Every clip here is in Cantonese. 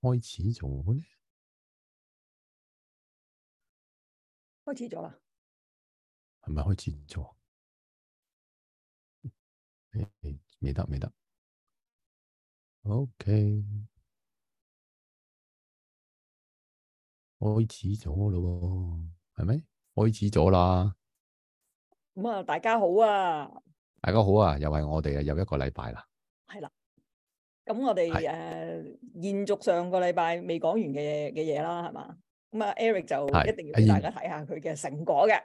開始咗咧？開始咗啦？係咪開始做？未未得，未得。OK，開始咗咯，係咪？開始咗啦。咁啊，大家好啊！大家好啊！又係我哋啊，又一個禮拜啦。係啦，咁我哋誒，延續上個禮拜未講完嘅嘅嘢啦，係嘛？咁啊，Eric 就一定要俾大家睇下佢嘅成果嘅。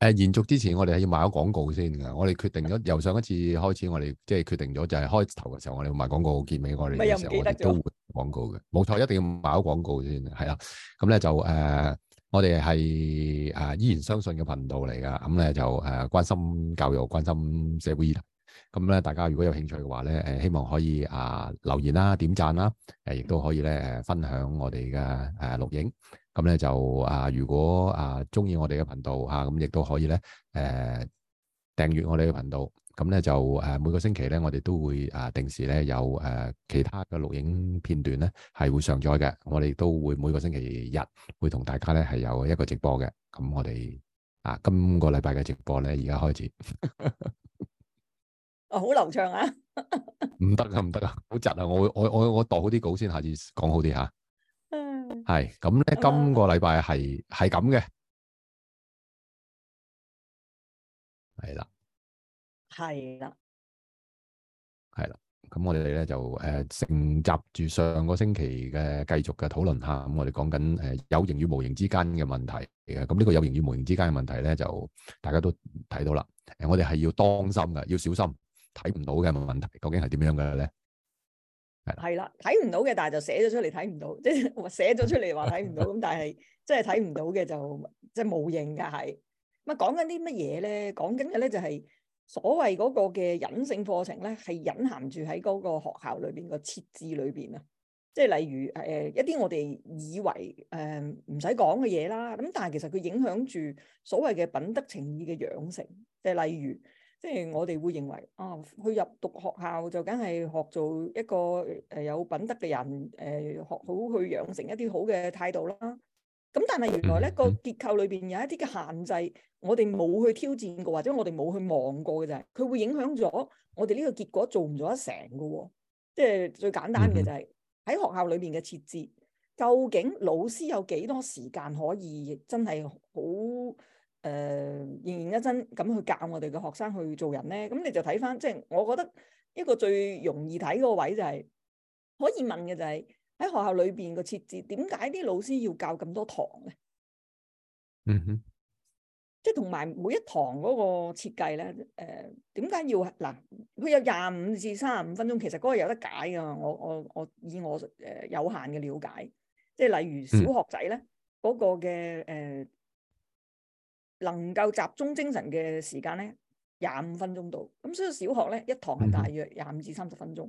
誒，延續之前，我哋係要賣咗廣告先嘅。我哋決定咗，由上一次開始，我哋即係決定咗，就係開頭嘅時候，我哋賣廣告，結尾我哋嘅時候，我哋都會廣告嘅。冇錯，一定要賣咗廣告先。係啦，咁、嗯、咧就誒、呃，我哋係誒伊研相信嘅頻道嚟噶。咁、嗯、咧就誒、呃、關心教育，關心社會議題。咁、嗯、咧大家如果有興趣嘅話咧，誒、呃、希望可以啊、呃、留言啦、啊，點讚啦、啊，誒亦都可以咧、呃、分享我哋嘅誒錄影。咁咧就啊，如果啊中意我哋嘅頻道嚇，咁、啊、亦都可以咧，誒、啊、訂閱我哋嘅頻道。咁、啊、咧就誒、啊、每個星期咧，我哋都會啊定時咧有誒、啊、其他嘅錄影片段咧係會上載嘅。我哋都會每個星期日會同大家咧係有一個直播嘅。咁、啊、我哋啊今個禮拜嘅直播咧，而家開始，啊 好、 哦、流暢啊，唔 得啊唔得啊，啊，好窒啊！我我我我讀好啲稿先，下次，下次講好啲嚇。係，咁咧、嗯、今個禮拜係係咁嘅，係啦、嗯，係啦，係啦，咁我哋咧就誒承接住上個星期嘅繼續嘅討論下，咁我哋講緊誒有形與無形之間嘅問題，咁呢個有形與無形之間嘅問題咧就大家都睇到啦，誒、呃、我哋係要當心㗎，要小心睇唔到嘅問題究竟係點樣嘅咧？係啦，睇唔到嘅，但係就寫咗出嚟睇唔到，即係寫咗出嚟話睇唔到，咁但係即係睇唔到嘅就即係無形噶係。乜講緊啲乜嘢咧？講緊嘅咧就係所謂嗰個嘅隱性課程咧，係隱含住喺嗰個學校裏邊個設置裏邊啊。即係例如誒、呃、一啲我哋以為誒唔使講嘅嘢啦，咁、呃、但係其實佢影響住所謂嘅品德情意嘅養成，即係例如。即係我哋會認為，啊、哦，去入讀學校就梗係學做一個誒、呃、有品德嘅人，誒、呃、學好去養成一啲好嘅態度啦。咁但係原來咧、呢個結構裏邊有一啲嘅限制，我哋冇去挑戰過，或者我哋冇去望過嘅就係，佢會影響咗我哋呢個結果做唔做得成嘅、哦。即係最簡單嘅就係、是、喺、嗯、哼學校裏面嘅設置，究竟老師有幾多時間可以真係好？誒，認認真真咁去教我哋嘅學生去做人咧，咁你就睇返，即係我覺得一個最容易睇嗰個位就係可以問嘅就係喺學校裏邊嘅設置，點解啲老師要教咁多堂咧？嗯哼，即係同埋每一堂嗰個設計咧，誒，點解要嗱？佢有廿五至三十五分鐘，其實嗰個有得解㗎。我我我以我誒有限嘅了解，即係例如小學仔咧嗰個嘅誒。呃能夠集中精神嘅時間咧，廿五分鐘度。咁所以小學咧一堂係大約廿五至三十分鐘。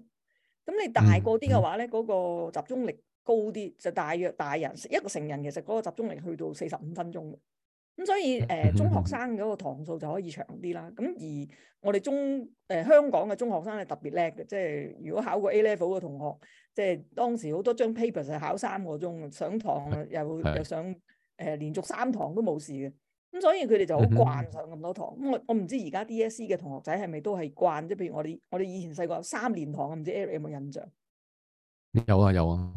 咁你大個啲嘅話咧，嗰、那個集中力高啲，就大約大人一個成人其實嗰個集中力去到四十五分鐘。咁所以誒、呃、中學生嗰個堂數就可以長啲啦。咁而我哋中誒、呃、香港嘅中學生係特別叻嘅，即係如果考過 A level 嘅同學，即係當時好多張 paper 就考三個鐘，上堂又又上誒、呃、連續三堂都冇事嘅。咁所以佢哋就好慣上咁多堂。咁、嗯、哼我我唔知而家 D.S.C 嘅同學仔係咪都係慣？即譬如我哋我哋以前細個有三連堂，唔知 Eric 有冇印象？有啊有啊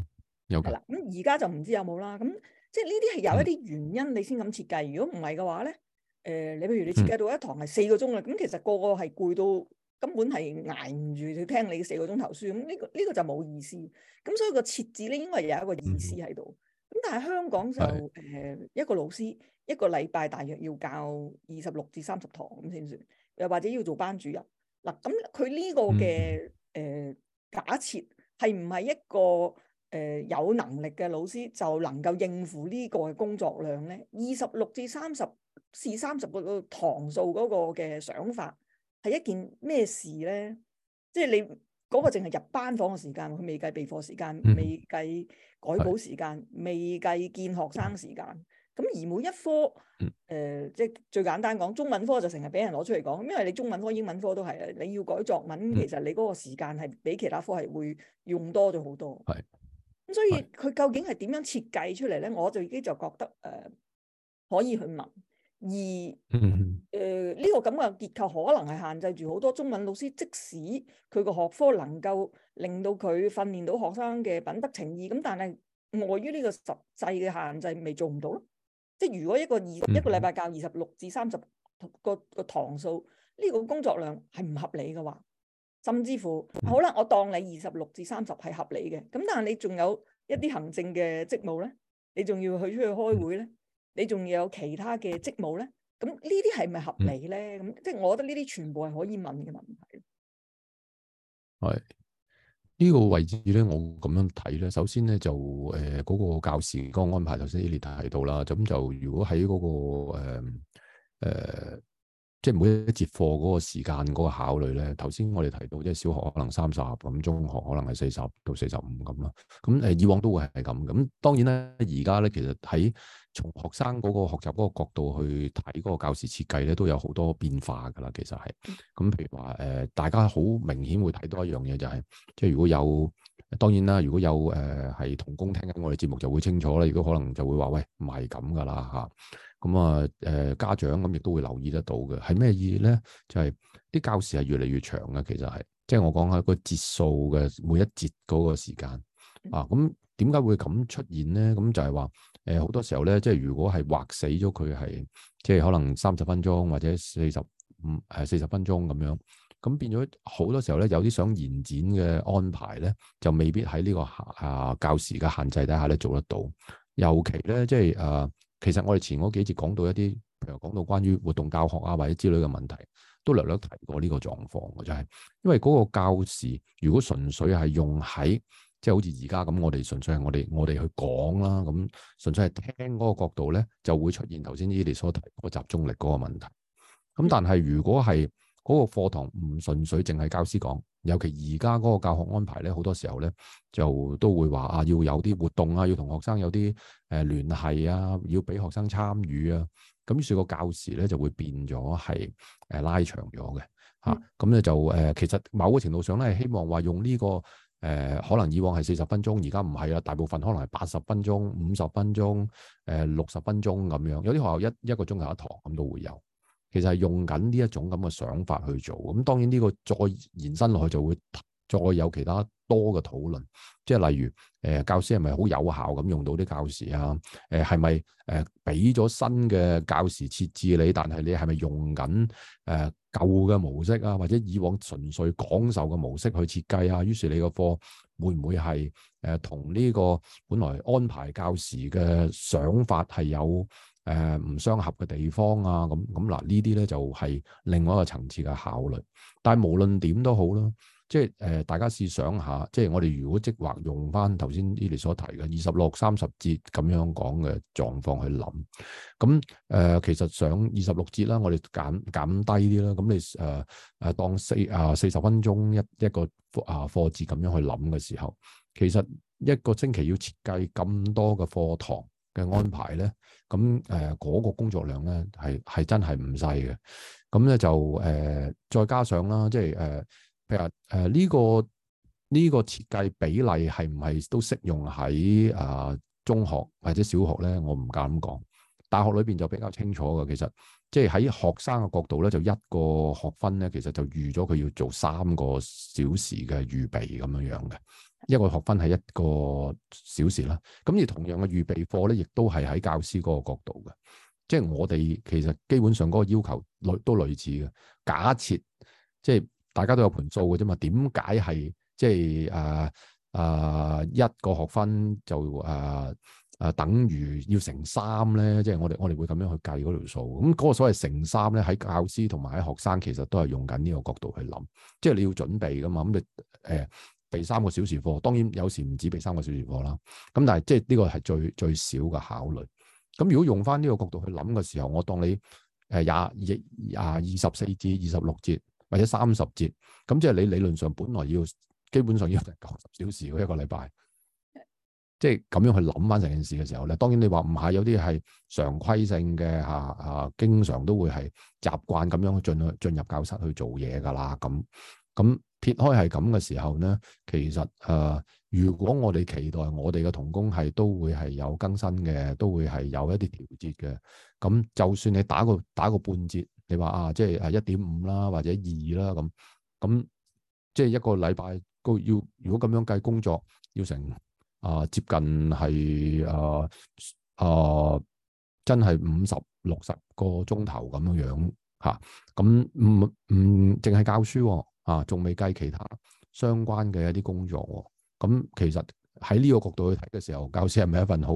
有嘅、啊。咁而家就唔知有冇啦。咁即係呢啲係有一啲原因你先咁設計。如果唔係嘅話咧，誒、呃、你譬如你設計到一堂係四個鐘啊，咁、嗯、哼其實個個係攰到根本係捱唔住去聽你四個鐘頭書。咁呢、呢個呢、呢個就冇意思。咁所以個設置咧應該係有一個意思喺度。咁、嗯、哼但係香港就誒、嗯、哼一個老師，一個禮拜大約要教二十六至三十堂咁先算，又或者要做班主任嗱，咁佢呢個嘅誒、嗯呃、假設係唔係一個誒、呃、有能力嘅老師就能夠應付呢個工作量咧？二十六至三十至三十個個堂數嗰個嘅想法係一件咩事咧？即、就、係、是、你嗰、那個淨係入班房嘅時間，佢未計備課時間，未計、嗯、改補時間，未計、嗯、見學生時間。咁而每一科，誒即係最簡單講，中文科就成日俾人攞出嚟講，因為你中文科、英文科都係啊，你要改作文，嗯、其實你嗰個時間係比其他科係會用多咗好多。係、嗯，咁所以佢究竟係點樣設計出嚟咧？我就已經就覺得誒、呃、可以去問。而誒呢、呃這個咁嘅結構，可能係限制住好多中文老師，即使佢個學科能夠令到佢訓練到學生嘅品德情意，咁但係礙於呢個實際嘅限制，咪做唔到咯。即如果一個二，嗯、一個禮拜教二十六至三十個個、個堂數，呢、呢個工作量係唔合理嘅話，甚至乎好啦，我當你二十六至三十係合理嘅，咁但係你仲有一啲行政嘅職務咧，你仲要去出去開會咧，你仲要有其他嘅職務咧，咁呢啲係咪合理咧？咁、嗯嗯、即係我覺得呢啲全部係可以問嘅問題。係。呢個位置咧，我咁樣睇咧，首先咧就誒嗰、呃那個教士嗰個安排就，頭先你提到啦，咁就如果喺嗰、那個誒、呃呃即係每一一節課嗰個時間嗰個考慮咧，頭先我哋提到，即係小學可能三十咁，中學可能係四十到四十五咁啦。咁誒以往都會係咁。咁當然咧，而家咧其實喺從學生嗰個學習嗰個角度去睇嗰個教時設計咧，都有好多變化㗎啦。其實係咁，譬如話誒、呃，大家好明顯會睇到一樣嘢、就是，就係即係如果有當然啦，如果有誒係、呃、同工聽緊我哋節目就會清楚啦。如果可能就會話喂，唔係咁㗎啦嚇。啊咁啊，誒、嗯、家長咁亦、嗯、都會留意得到嘅，係咩意義咧？就係、是、啲教時係越嚟越長嘅，其實係，即、就、係、是、我講下個節數嘅每一節嗰個時間啊。咁點解會咁出現咧？咁就係話誒，好、呃、多時候咧，即係如果係劃死咗佢係，即係可能三十分鐘或者四十五誒四十分鐘咁樣，咁變咗好多時候咧，有啲想延展嘅安排咧，就未必喺呢、這個啊、呃、教時嘅限制底下咧做得到，尤其咧即係誒。就是呃其實我哋前嗰幾節講到一啲，譬如講到關於活動教學啊或者之類嘅問題，都略略提過呢個狀況嘅，就係、是、因為嗰個教時如果純粹係用喺，即、就、係、是、好似而家咁，我哋純粹係我哋我哋去講啦，咁、嗯、純粹係聽嗰個角度咧，就會出現頭先呢啲所提個集中力嗰個問題。咁、嗯、但係如果係，嗰個課堂唔純粹淨係教師講，尤其而家嗰個教學安排咧，好多時候咧就都會話啊要有啲活動啊，要同學生有啲誒、呃、聯繫啊，要俾學生參與啊，咁於是個教時咧就會變咗係誒拉長咗嘅嚇，咁、啊、咧就誒、呃、其實某個程度上咧希望話用呢、這個誒、呃、可能以往係四十分鐘，而家唔係啦，大部分可能係八十分鐘、五十分鐘、誒六十分鐘咁樣，有啲學校一一個鐘有一堂咁都會有。其實係用緊呢一種咁嘅想法去做，咁當然呢個再延伸落去就會再有其他多嘅討論，即係例如誒、呃、教師係咪好有效咁用到啲教時啊？誒係咪誒俾咗新嘅教時設置你？但係你係咪用緊誒舊嘅模式啊？或者以往純粹講授嘅模式去設計啊？於是你個課會唔會係誒、呃、同呢個本來安排教時嘅想法係有誒唔、呃、相合嘅地方啊，咁咁嗱呢啲咧就係、是、另外一個層次嘅考慮。但係無論點都好啦，即係誒、呃、大家試想下，即係我哋如果即或用翻頭先呢啲所提嘅二十六三十節咁樣講嘅狀況去諗，咁、嗯、誒、呃、其實上二十六節啦，我哋減減低啲啦，咁你誒誒、呃、當四啊四十分鐘一一個啊課節咁樣去諗嘅時候，其實一個星期要設計咁多嘅課堂嘅安排咧，咁誒嗰個工作量咧係係真係唔細嘅，咁咧就誒、呃、再加上啦，即係誒、呃、譬如話誒呢、呃這個呢、這個設計比例係唔係都適用喺啊、呃、中學或者小學咧？我唔敢講。大學裏邊就比較清楚嘅，其實即係喺學生嘅角度咧，就一個學分咧，其實就預咗佢要做三個小時嘅預備咁樣樣嘅，一個學分係一個小時啦。咁而同樣嘅預備課咧，亦都係喺教師嗰個角度嘅，即係我哋其實基本上嗰個要求類都類似嘅。假設即係大家都有盤數嘅啫嘛，點解係即係誒誒一個學分就誒？呃誒、呃、等於要乘三咧，即係我哋我哋會咁樣去計嗰條數。咁、嗯、嗰、嗰個所謂乘三咧，喺教師同埋喺學生其實都係用緊呢個角度去諗。即係你要準備㗎嘛，咁你誒備三個小時課，當然有時唔止備三個小時課啦。咁、嗯、但係即係呢個係最最少嘅考慮。咁、嗯、如果用返呢個角度去諗嘅時候，我當你誒廿、呃、二廿二，二十四至二十六節或者三十節，咁、嗯、即係你理論上本來要基本上要係九十小時一個禮拜。即係咁樣去諗翻成件事嘅時候咧，當然你話唔係有啲係常規性嘅嚇嚇，經常都會係習慣咁樣去進去進入教室去做嘢噶啦。咁咁撇開係咁嘅時候咧，其實誒、呃，如果我哋期待我哋嘅同工係都會係有更新嘅，都會係有一啲調節嘅。咁就算你打個打個半折，你話啊，即係係一點五啦，或者二啦咁咁，即係一個禮拜個要如果咁樣計工作要成。啊，接近係啊啊，真係五十六十個鐘頭咁樣樣嚇，咁唔唔淨係教書喎，啊，仲未計其他相關嘅一啲工作喎，咁其實喺呢個角度去睇嘅時候，教師係咪一份好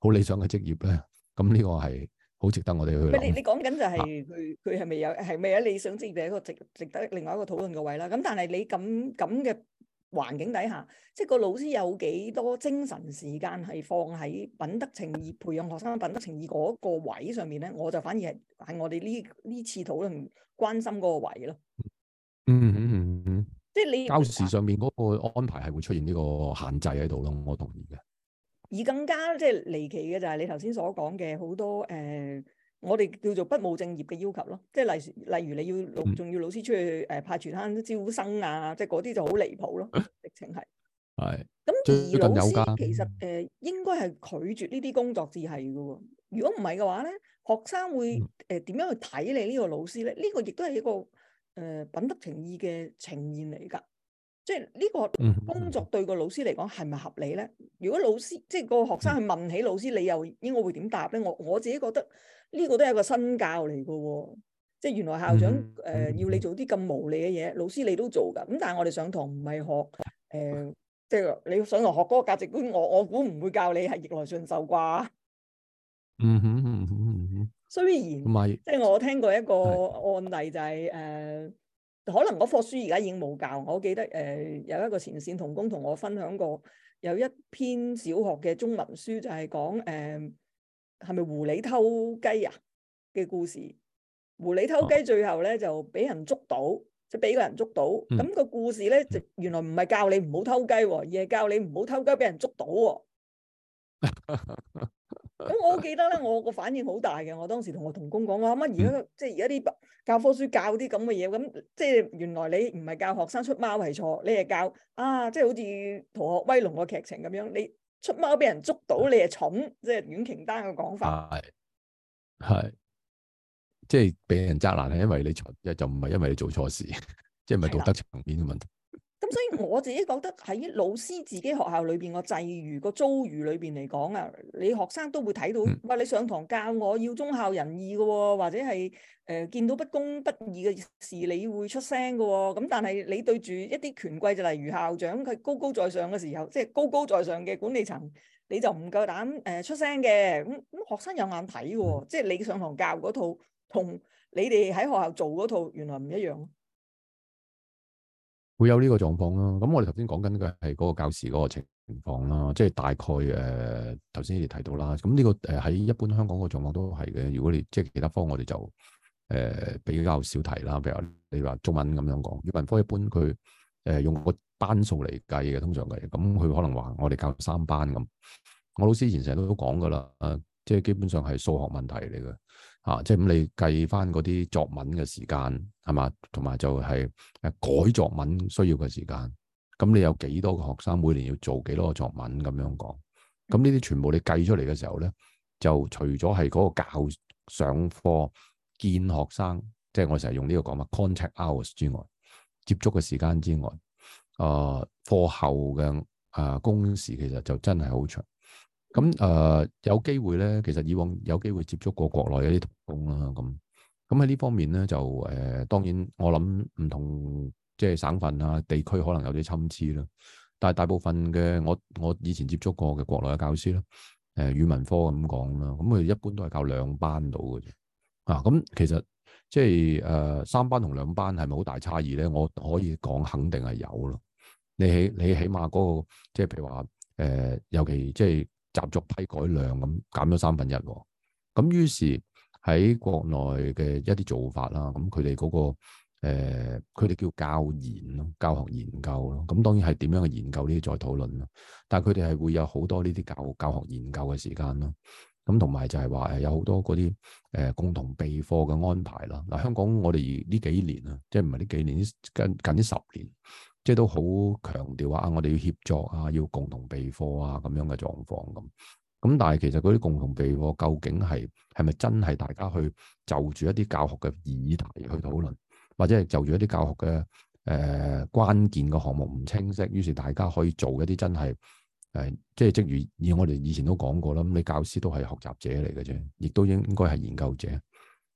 好理想嘅職業咧？咁呢個係好值得我哋去。你你講緊就係佢佢係咪有係咪有理想職業嘅一個值值得另外一個討論嘅位啦？咁但係你咁咁嘅。環境底下，即係個老師有幾多精神時間係放喺品德情意培養學生品德情意嗰個位上面咧？我就反而係喺我哋呢呢次討論關心嗰個位咯、嗯。嗯嗯嗯嗯，嗯即係你教時上面嗰個安排係會出現呢個限制喺度咯。我同意嘅。而更加即係、就是、離奇嘅就係你頭先所講嘅好多誒。呃我哋叫做不務正業嘅要求咯，即係例例如你要老仲要老師出去誒、呃、派傳單招生啊，即係嗰啲就好離譜咯，直情係。係。咁而老師其實誒、呃、應該係拒絕呢啲工作至係噶，如果唔係嘅話咧，學生會誒點、呃、樣去睇你呢個老師咧？呢、這個亦都係一個誒、呃、品德情義嘅呈現嚟噶，即係呢個工作對個老師嚟講係咪合理咧？如果老師即係個學生去問起老師，你又應該會點答咧？我我自己覺得。呢個都係一個新教嚟嘅喎，即係原來校長誒要你做啲咁無理嘅嘢，老師你都做㗎。咁但係我哋上堂唔係學誒、呃，即係你上堂學嗰個價值觀，我我估唔會教你係逆來順受啩。嗯哼嗯哼嗯哼。嗯嗯雖然。係是。即係我聽過一個案例、就是，就係誒，可能嗰課書而家已經冇教，我記得誒、呃呃、有一個前線同工同我分享過，有一篇小學嘅中文書，就係講誒。係咪狐狸偷雞啊嘅故事，狐狸偷雞最後咧就俾人捉到，即係俾個人捉到。咁、嗯、個故事咧，就原來唔係教你唔好偷雞，哦，而係教你唔好偷雞俾人捉到，哦。咁 我記得咧，我個反應好大嘅。我當時同我同工講，我阿媽而家即係而家啲教科書教啲咁嘅嘢，咁即係原來你唔係教學生出貓係錯，你係教啊，即係好似《同學威龍》個劇情咁樣你。出貓畀人捉到，你係蠢，的即係阮瓊丹嘅講法，係即係畀人責難係因為你蠢，即就唔係因為你做錯事，即係唔係道德層面嘅問題。咁所以我自己覺得喺老師自己學校裏邊，個際遇個遭遇裏邊嚟講啊，你學生都會睇到，喂，你上堂教我要忠孝仁義嘅、哦，或者係誒、呃、見到不公不義嘅事，你會出聲嘅、哦。咁但係你對住一啲權貴，就例如校長佢高高在上嘅時候，即係高高在上嘅管理層，你就唔夠膽誒出聲嘅。咁、嗯、咁學生有眼睇嘅、哦，即係你上堂教嗰套，同你哋喺學校做嗰套原來唔一樣。會有呢個狀況咯、啊，咁我哋頭先講緊嘅係嗰個教師嗰個情況啦、啊，即係大概誒頭先你提到啦，咁呢、這個誒喺、呃、一般香港個狀況都係嘅。如果你即係其他科，我哋就誒比較少提啦。譬如你話中文咁樣講，語文科一般佢誒、呃、用個班數嚟計嘅，通常係咁，佢可能話我哋教三班咁。我老師以前成日都講㗎啦，即係基本上係數學問題嚟嘅。啊，即係咁你計翻嗰啲作文嘅時間係嘛，同埋就係改作文需要嘅時間，咁你有幾多個學生每年要做幾多個作文咁樣講？咁呢啲全部你計出嚟嘅時候咧，就除咗係嗰個教上課見學生，即係我成日用呢個講法 contact hours 之外，接觸嘅時間之外，啊課後嘅啊工時其實就真係好長。咁誒、呃、有機會咧，其實以往有機會接觸過國內嗰啲同工啦。咁咁喺呢方面咧，就誒、呃、當然我諗唔同即係省份啊、地區可能有啲參差啦。但係大部分嘅我我以前接觸過嘅國內嘅教師咧，誒、呃、語文科咁講啦，咁、嗯、佢一般都係教兩班到嘅啫。啊，咁、嗯、其實即係誒、呃、三班同兩班係咪好大差異咧？我可以講肯定係有咯。你起你起碼嗰、那個即係譬如話誒、呃，尤其即係。習作批改量，咁減咗三分一喎，哦，咁於是喺國內嘅一啲做法啦，咁佢哋嗰個佢哋、呃、叫教研咯，教學研究咯，咁當然係點樣嘅研究呢？再討論啦，但係佢哋係會有好多呢啲教教學研究嘅時間咯，咁同埋就係話誒有好多嗰啲誒共同備課嘅安排啦。嗱，香港我哋呢幾年啊，即係唔係呢幾年，近近呢十年。即都好強調啊，我哋要協作啊，要共同備課啊，咁樣嘅狀況咁咁，但係其實嗰啲共同備課究竟係係咪真係大家去就住一啲教學嘅議題去討論，或者係就住一啲教學嘅誒、呃、關鍵嘅項目唔清晰，於是大家可以做一啲真係誒、呃，即係即如以我哋以前都講過啦，咁你教師都係學習者嚟嘅啫，亦都應該係研究者。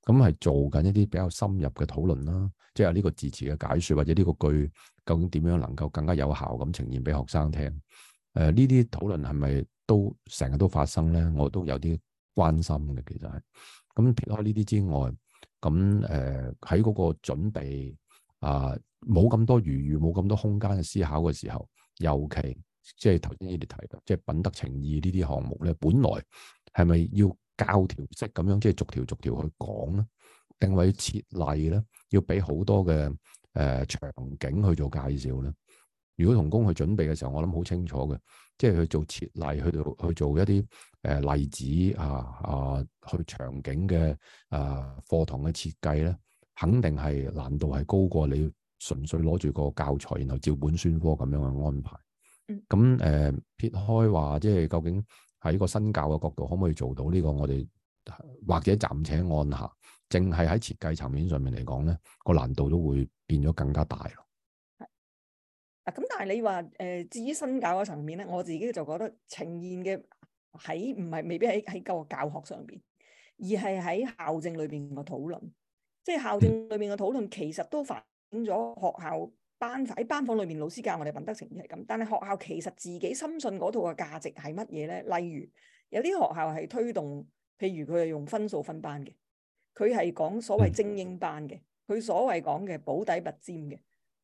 咁係、嗯、做緊一啲比較深入嘅討論啦，即係呢個字詞嘅解説，或者呢個句究竟點樣能夠更加有效咁呈現俾學生聽？誒、呃，呢啲討論係咪都成日都發生咧？我都有啲關心嘅，其實係咁撇開呢啲之外，咁誒喺嗰個準備啊，冇、呃、咁多餘裕，冇咁多空間嘅思考嘅時候，尤其即係頭先你哋提嘅，即係品德情意呢啲項目咧，本來係咪要？教條式咁樣，即係逐條逐條去講咧，定位設例咧，要俾好多嘅誒、呃、場景去做介紹咧。如果同工去準備嘅時候，我諗好清楚嘅，即係去做設例，去到去做一啲誒、呃、例子啊啊，去場景嘅啊課堂嘅設計咧，肯定係難度係高過你純粹攞住個教材，然後照本宣科咁樣嘅安排。嗯，咁、呃、誒撇開話，即係究竟？喺個新教嘅角度，可唔可以做到呢個我？我哋或者暫且按下，淨係喺設計層面上面嚟講咧，個難度都會變咗更加大咯。啊！咁但係你話誒，至於新教嘅層面咧，我自己就覺得呈現嘅喺唔係未必喺喺舊教學上邊，而係喺校政裏邊嘅討論。即係校政裏邊嘅討論，其實都反映咗學校。班喺班房裏面，老師教我哋品德情意係咁。但係學校其實自己深信嗰套嘅價值係乜嘢咧？例如有啲學校係推動，譬如佢係用分數分班嘅，佢係講所謂精英班嘅，佢所謂講嘅保底拔尖嘅。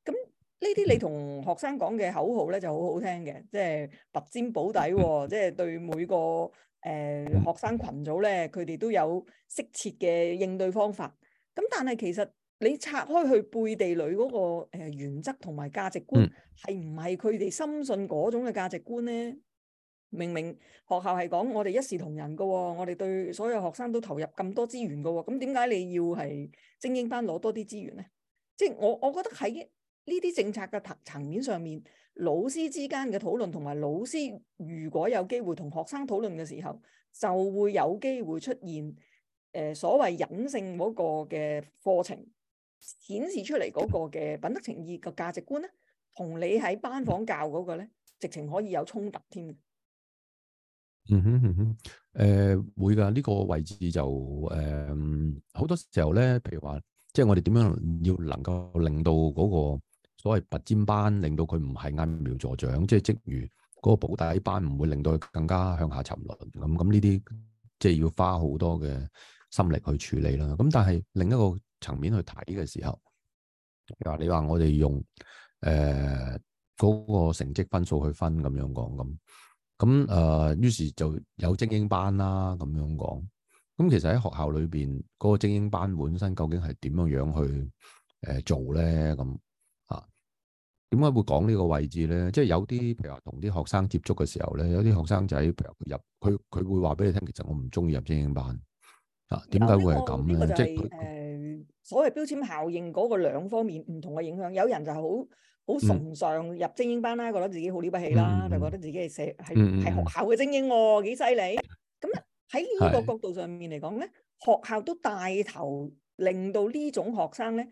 咁呢啲你同學生講嘅口號咧就好好聽嘅，即係拔尖保底哦，即係對每個誒學生羣組咧，佢哋都有適切嘅應對方法。咁但係其實。你拆開去背地裏嗰個誒原則同埋價值觀，係唔係佢哋深信嗰種嘅價值觀呢？明明學校係講我哋一視同仁㗎、哦，我哋對所有學生都投入咁多資源㗎、哦，咁點解你要係精英班攞多啲資源呢？即係我我覺得喺呢啲政策嘅層面上面，老師之間嘅討論同埋老師如果有機會同學生討論嘅時候，就會有機會出現誒、呃、所謂隱性嗰個嘅課程。顯示出嚟嗰個嘅品德情義個價值觀咧，同你喺班房教嗰個咧，直情可以有衝突添、嗯。嗯哼嗯哼，誒、呃、會噶呢、這個位置就誒好、呃、多時候咧，譬如話，即係我哋點樣要能夠令到嗰個所謂拔尖班，令到佢唔係揠苗助長，即係即如嗰個保底班唔會令到佢更加向下沉淪咁。咁呢啲即係要花好多嘅心力去處理啦。咁但係另一個層面去睇嘅時候，譬如話你話我哋用誒嗰個成績分數去分咁樣講，咁咁誒，於是就有精英班啦咁樣講。咁其實喺學校裏邊嗰個精英班本身究竟係點樣樣去誒做咧？咁啊，點解會講呢個位置咧？即係有啲譬如話同啲學生接觸嘅時候咧，有啲學生仔譬如佢入佢佢會話俾你聽，其實我唔中意入精英班啊。點解會係咁咧？即係。所謂標籤效應嗰個兩方面唔同嘅影響，有人就係好好崇尚入精英班啦，嗯、覺得自己好了不起啦，就覺得自己係社係係學校嘅精英，哦，幾犀利。咁喺呢個角度上面嚟講咧，是學校都帶頭令到呢種學生咧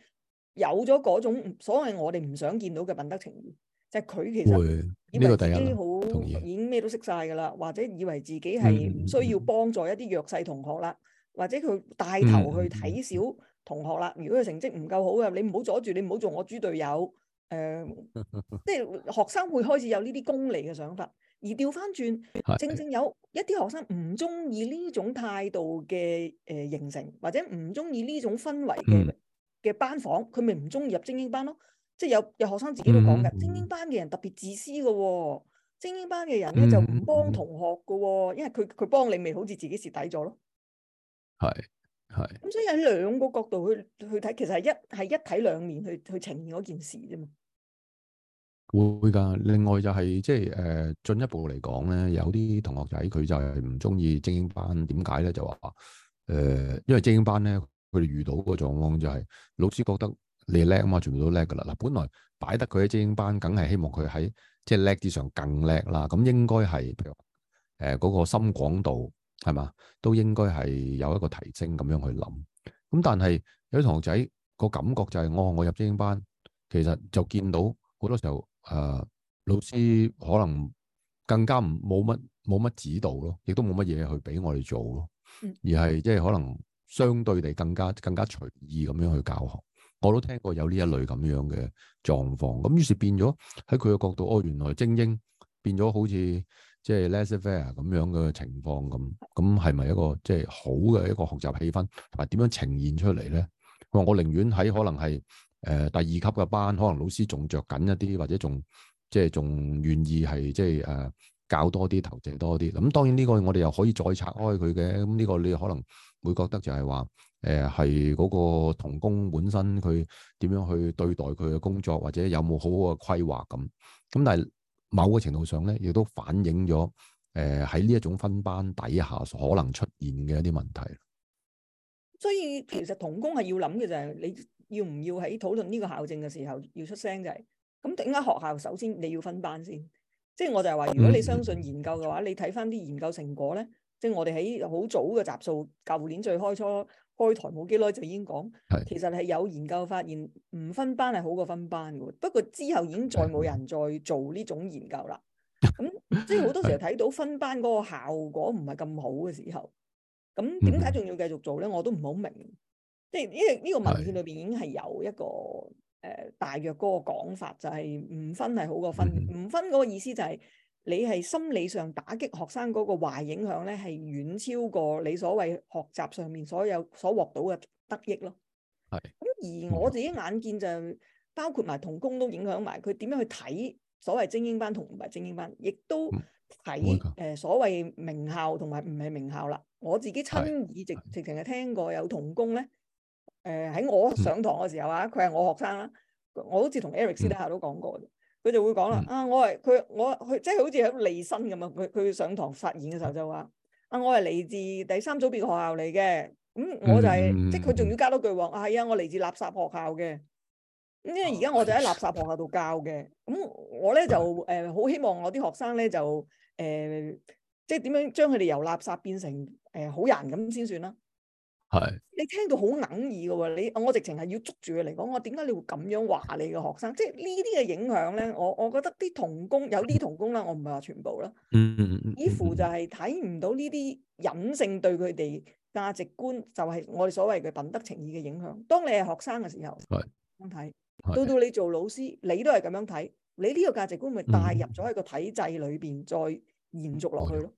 有咗嗰種所謂我哋唔想見到嘅品德情意，就係佢其實以為自己好，這個，已經咩都識晒噶啦，或者以為自己係唔需要幫助一啲弱勢同學啦，嗯嗯、或者佢帶頭去睇小。同學啦，如果佢成績唔夠好嘅，你唔好阻住，你唔好做我豬隊友。誒、呃，即係學生會開始有呢啲功利嘅想法，而掉返轉，是正正有一啲學生唔中意呢種態度嘅誒形成，或者唔中意呢種氛圍嘅、嗯、班房，佢咪唔中意入精英班咯？即係有有學生自己都講嘅、嗯，精英班嘅人特別自私㗎喎，精英班嘅人咧就唔幫同學㗎喎，因為佢佢幫你咪好似自己蝕底咗咯。係。係，咁是、嗯、所以喺兩個角度去去睇，其實係一係一體兩面去去呈現嗰件事啫嘛。會噶，另外就係、是、即係誒，進、呃、一步嚟講咧，有啲同學仔佢就係唔中意精英班，點解咧？就話誒、呃，因為精英班咧，佢哋遇到個狀況就係、是、老師覺得你叻啊嘛，全部都叻噶啦。嗱，本來擺得佢喺精英班，梗係希望佢喺即係叻之上更叻啦。咁應該係譬如誒嗰個深廣度。係嘛，都應該係有一個提升咁樣去諗。咁、嗯、但係有啲同學仔個感覺就係，我我入精英班，其實就見到好多時候，誒、呃，老師可能更加唔冇乜冇乜指導咯，亦都冇乜嘢去俾我哋做咯，而係即係可能相對地更加更加隨意咁樣去教學。我都聽過有呢一類咁樣嘅狀況。咁、嗯、於是變咗喺佢嘅角度，哦，原來精英變咗好似，即係 laissez-faire 咁樣嘅情況咁，咁係咪一個即係、就是、好嘅一個學習氣氛，同埋點樣呈現出嚟咧？我我寧願喺可能係誒、呃、第二級嘅班，可能老師仲着緊一啲，或者仲即係仲願意係即係誒教多啲，投射多啲。咁當然呢個我哋又可以再拆開佢嘅。咁呢個你可能會覺得就係話誒係嗰個同工本身佢點樣去對待佢嘅工作，或者有冇好好嘅規劃咁。咁但係。某個程度上咧，亦都反映咗，誒喺呢一種分班底下可能出現嘅一啲問題。所以其實同工係要諗嘅就係、是，你要唔要喺討論呢個校政嘅時候要出聲、就是？就係咁點解學校首先你要分班先？即係我就係話，如果你相信研究嘅話，嗯、你睇返啲研究成果咧，即係我哋喺好早嘅集數，舊年最開初。開台冇幾耐就已經講，其實係有研究發現唔分班係好過分班嘅。不過之後已經再冇人再做呢種研究啦。咁即係好多時候睇到分班嗰個效果唔係咁好嘅時候，咁點解仲要繼續做咧？我都唔好明。即係因為呢個呢個文獻裏邊已經係有一個誒、呃、大約嗰個講法，就係、是、唔分係好過分。唔 分嗰個意思就係、是。你係心理上打擊學生嗰個壞影響咧，係遠超過你所謂學習上面所有所獲到嘅得益咯。係是。咁而我自己眼見就包括埋同工都影響埋佢點樣去睇所謂精英班同唔係精英班，亦都睇誒所謂名校同埋唔係名校啦。我自己親耳直是直情係聽過有同工咧，誒、呃、喺我上堂嘅時候啊，佢係、嗯、我學生啦，我好似同 Eric 私底下都講過。佢就會講啦，嗯啊，啊，我係佢，我佢即係好似喺離身咁啊！佢佢上堂發言嘅時候就話：啊，我係嚟自第三組別學校嚟嘅，咁，嗯，我就係，是嗯，即係佢仲要加多句話，係，哎，啊，我嚟自垃圾學校嘅，咁因為而家我就喺垃圾學校度教嘅，咁，嗯，我咧就誒好，呃，希望我啲學生咧就誒，呃，即係點樣將佢哋由垃圾變成誒好，呃，人咁先算啦。係是你聽到好冷意哽耳嘅喎，你我直情係要捉住佢嚟講，我點解你會咁樣話你嘅學生？即係呢啲嘅影響咧，我我覺得啲同工、嗯、有啲同工啦，我唔係話全部啦，幾、嗯嗯、乎就係睇唔到呢啲隱性對佢哋價值觀，就係、是、我哋所謂嘅品德情義嘅影響。當你係學生嘅時候，係咁睇，到到你做老師，你都係咁樣睇，你呢個價值觀咪帶入咗喺個體制裏邊，嗯嗯、再延續落去咯。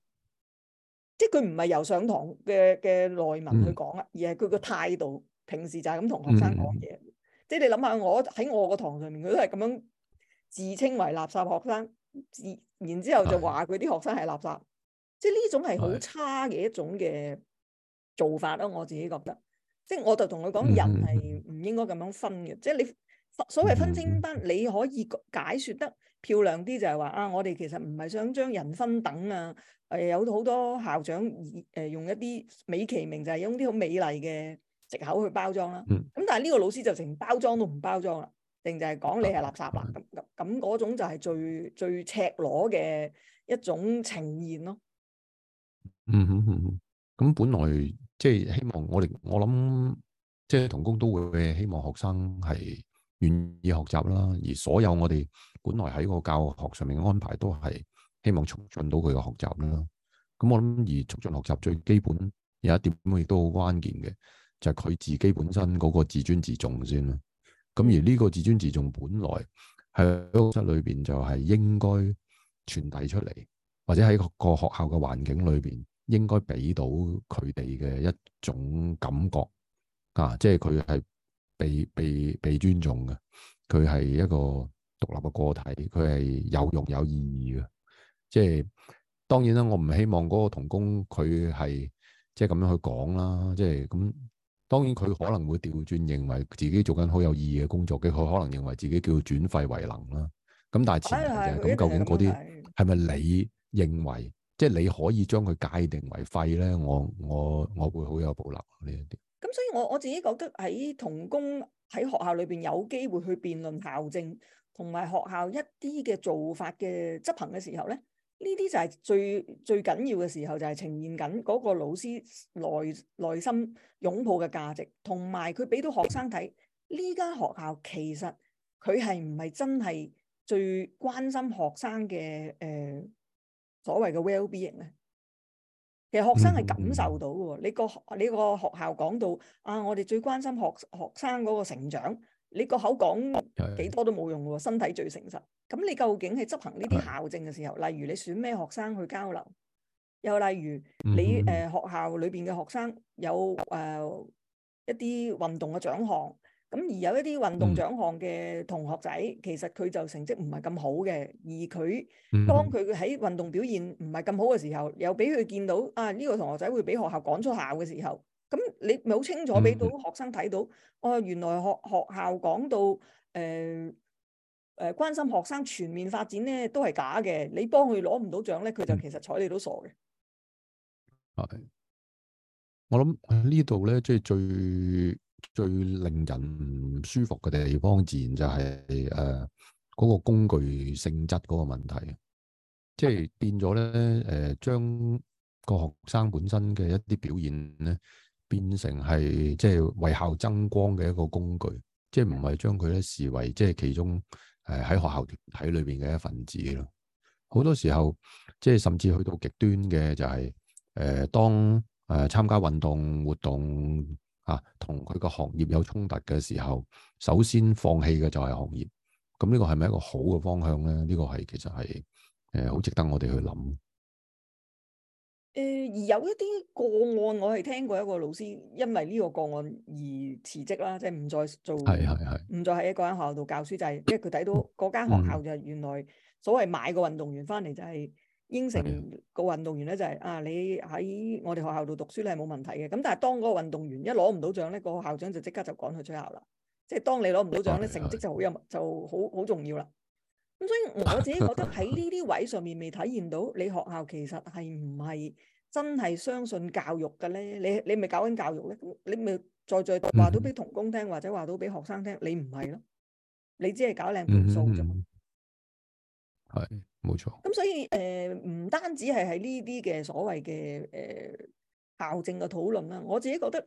即係佢唔係由上堂嘅嘅內文去講呀，嗯、而係佢個態度，平時就係咁同學生講嘢。嗯、即係你諗下，我喺我個堂上面，佢都係咁樣自稱為垃圾學生，然然之後就話佢啲學生係垃圾。嗯、即係呢種係好差嘅一種嘅做法咯，我自己覺得。嗯、即係我就同佢講，人係唔應該咁樣分嘅。嗯、即係你所謂分清班，嗯、你可以解説得。漂亮啲就係話啊！我哋其實唔係想將人分等啊，誒、呃、有好多校長誒、呃、用一啲美其名，就係用啲好美麗嘅藉口去包裝啦、啊。咁、嗯、但係呢個老師就成包裝都唔包裝啦，定就係講你係垃，垃圾啦？咁咁嗰種就係最最赤裸嘅一種呈現咯。嗯哼，咁、嗯、本來即係、就是、希望我哋，我諗即係同工都會希望學生係。願意學習啦，而所有我哋本來喺個教學上面嘅安排都係希望促進到佢嘅學習啦。咁我諗而促進學習最基本有一點亦都好關鍵嘅，就係佢自己本身嗰個自尊自重先啦。咁而呢個自尊自重本來喺教室裏邊就係應該傳遞出嚟，或者喺個學校嘅環境裏邊應該俾到佢哋嘅一種感覺啊，即係佢係，被被被尊重嘅，佢係一個獨立嘅個體，佢係有用有意義嘅。即係當然啦，我唔希望嗰個童工佢係即係咁樣去講啦。即係咁，當然佢可能會調轉認為自己做緊好有意義嘅工作嘅。佢可能認為自己叫轉廢為能啦。咁但係前提就係咁，究竟嗰啲係咪你認為即係你可以將佢界定為廢咧？我我我會好有保留呢一啲。咁、嗯、所以我，我我自己覺得喺同工喺學校裏邊有機會去辯論校政同埋學校一啲嘅做法嘅執行嘅時候咧，呢啲就係最最緊要嘅時候，就係、是、呈現緊嗰個老師內內心擁抱嘅價值，同埋佢俾到學生睇呢間學校其實佢係唔係真係最關心學生嘅誒、呃、所謂嘅 well being 咧？其實學生係感受到喎，你個你個學校講到啊，我哋最關心學學生嗰個成長，你個口講幾多都冇用喎，身體最誠實。咁你究竟係執行呢啲校政嘅時候，例如你選咩學生去交流，又例如你誒、呃、學校裏邊嘅學生有誒、呃、一啲運動嘅獎項。咁而有一啲運動獎項嘅同學仔，嗯、其實佢就成績唔係咁好嘅，而佢當佢喺運動表現唔係咁好嘅時候，嗯、又俾佢見到啊呢、呢個同學仔會俾學校趕出校嘅時候，咁你咪好清楚俾到學生睇到，嗯、哦原來學學校講到誒誒、呃呃、關心學生全面發展咧都係假嘅，你幫佢攞唔到獎咧，佢就其實睬你都傻嘅。係、嗯，我諗喺呢度咧，即、就、係、是、最。最令人唔舒服嘅地方，自然就係誒嗰個工具性質嗰個問題，即係變咗咧誒，將個學生本身嘅一啲表現咧，變成係即係為校增光嘅一個工具，即係唔係將佢咧視為即係其中誒喺學校團體裏邊嘅一份子咯。好多時候，即係甚至去到極端嘅就係、是、誒、呃、當誒、呃、參加運動活動。同佢個行業有衝突嘅時候，首先放棄嘅就係行業，咁呢個係咪一個好嘅方向咧？呢、這個係其實係誒好值得我哋去諗。誒、呃，而有一啲個案，我係聽過一個老師因為呢個個案而辭職啦，即係唔再做，係係係，唔再喺一個間學校度教書，是是是就係因為佢睇到嗰間學校就、嗯、原來所謂買個運動員翻嚟就係、是。應承個運動員咧就係、是、啊，你喺我哋學校度讀書咧係冇問題嘅。咁但係當嗰個運動員一攞唔到獎咧，嗰個校長就即刻就趕去出校啦。即係當你攞唔到獎咧，哎哎成績就好有就好好重要啦。咁所以我自己覺得喺呢啲位上面未體現到你學校其實係唔係真係相信教育嘅咧？你你咪搞緊教育咧？你咪再再話到俾同工聽，嗯、或者話到俾學生聽，你唔係咯？你只係搞靚條數啫嘛。嗯嗯。係冇錯，咁所以誒、唔、呃、單止係喺呢啲嘅所謂嘅誒、呃、校政嘅討論啦，我自己覺得，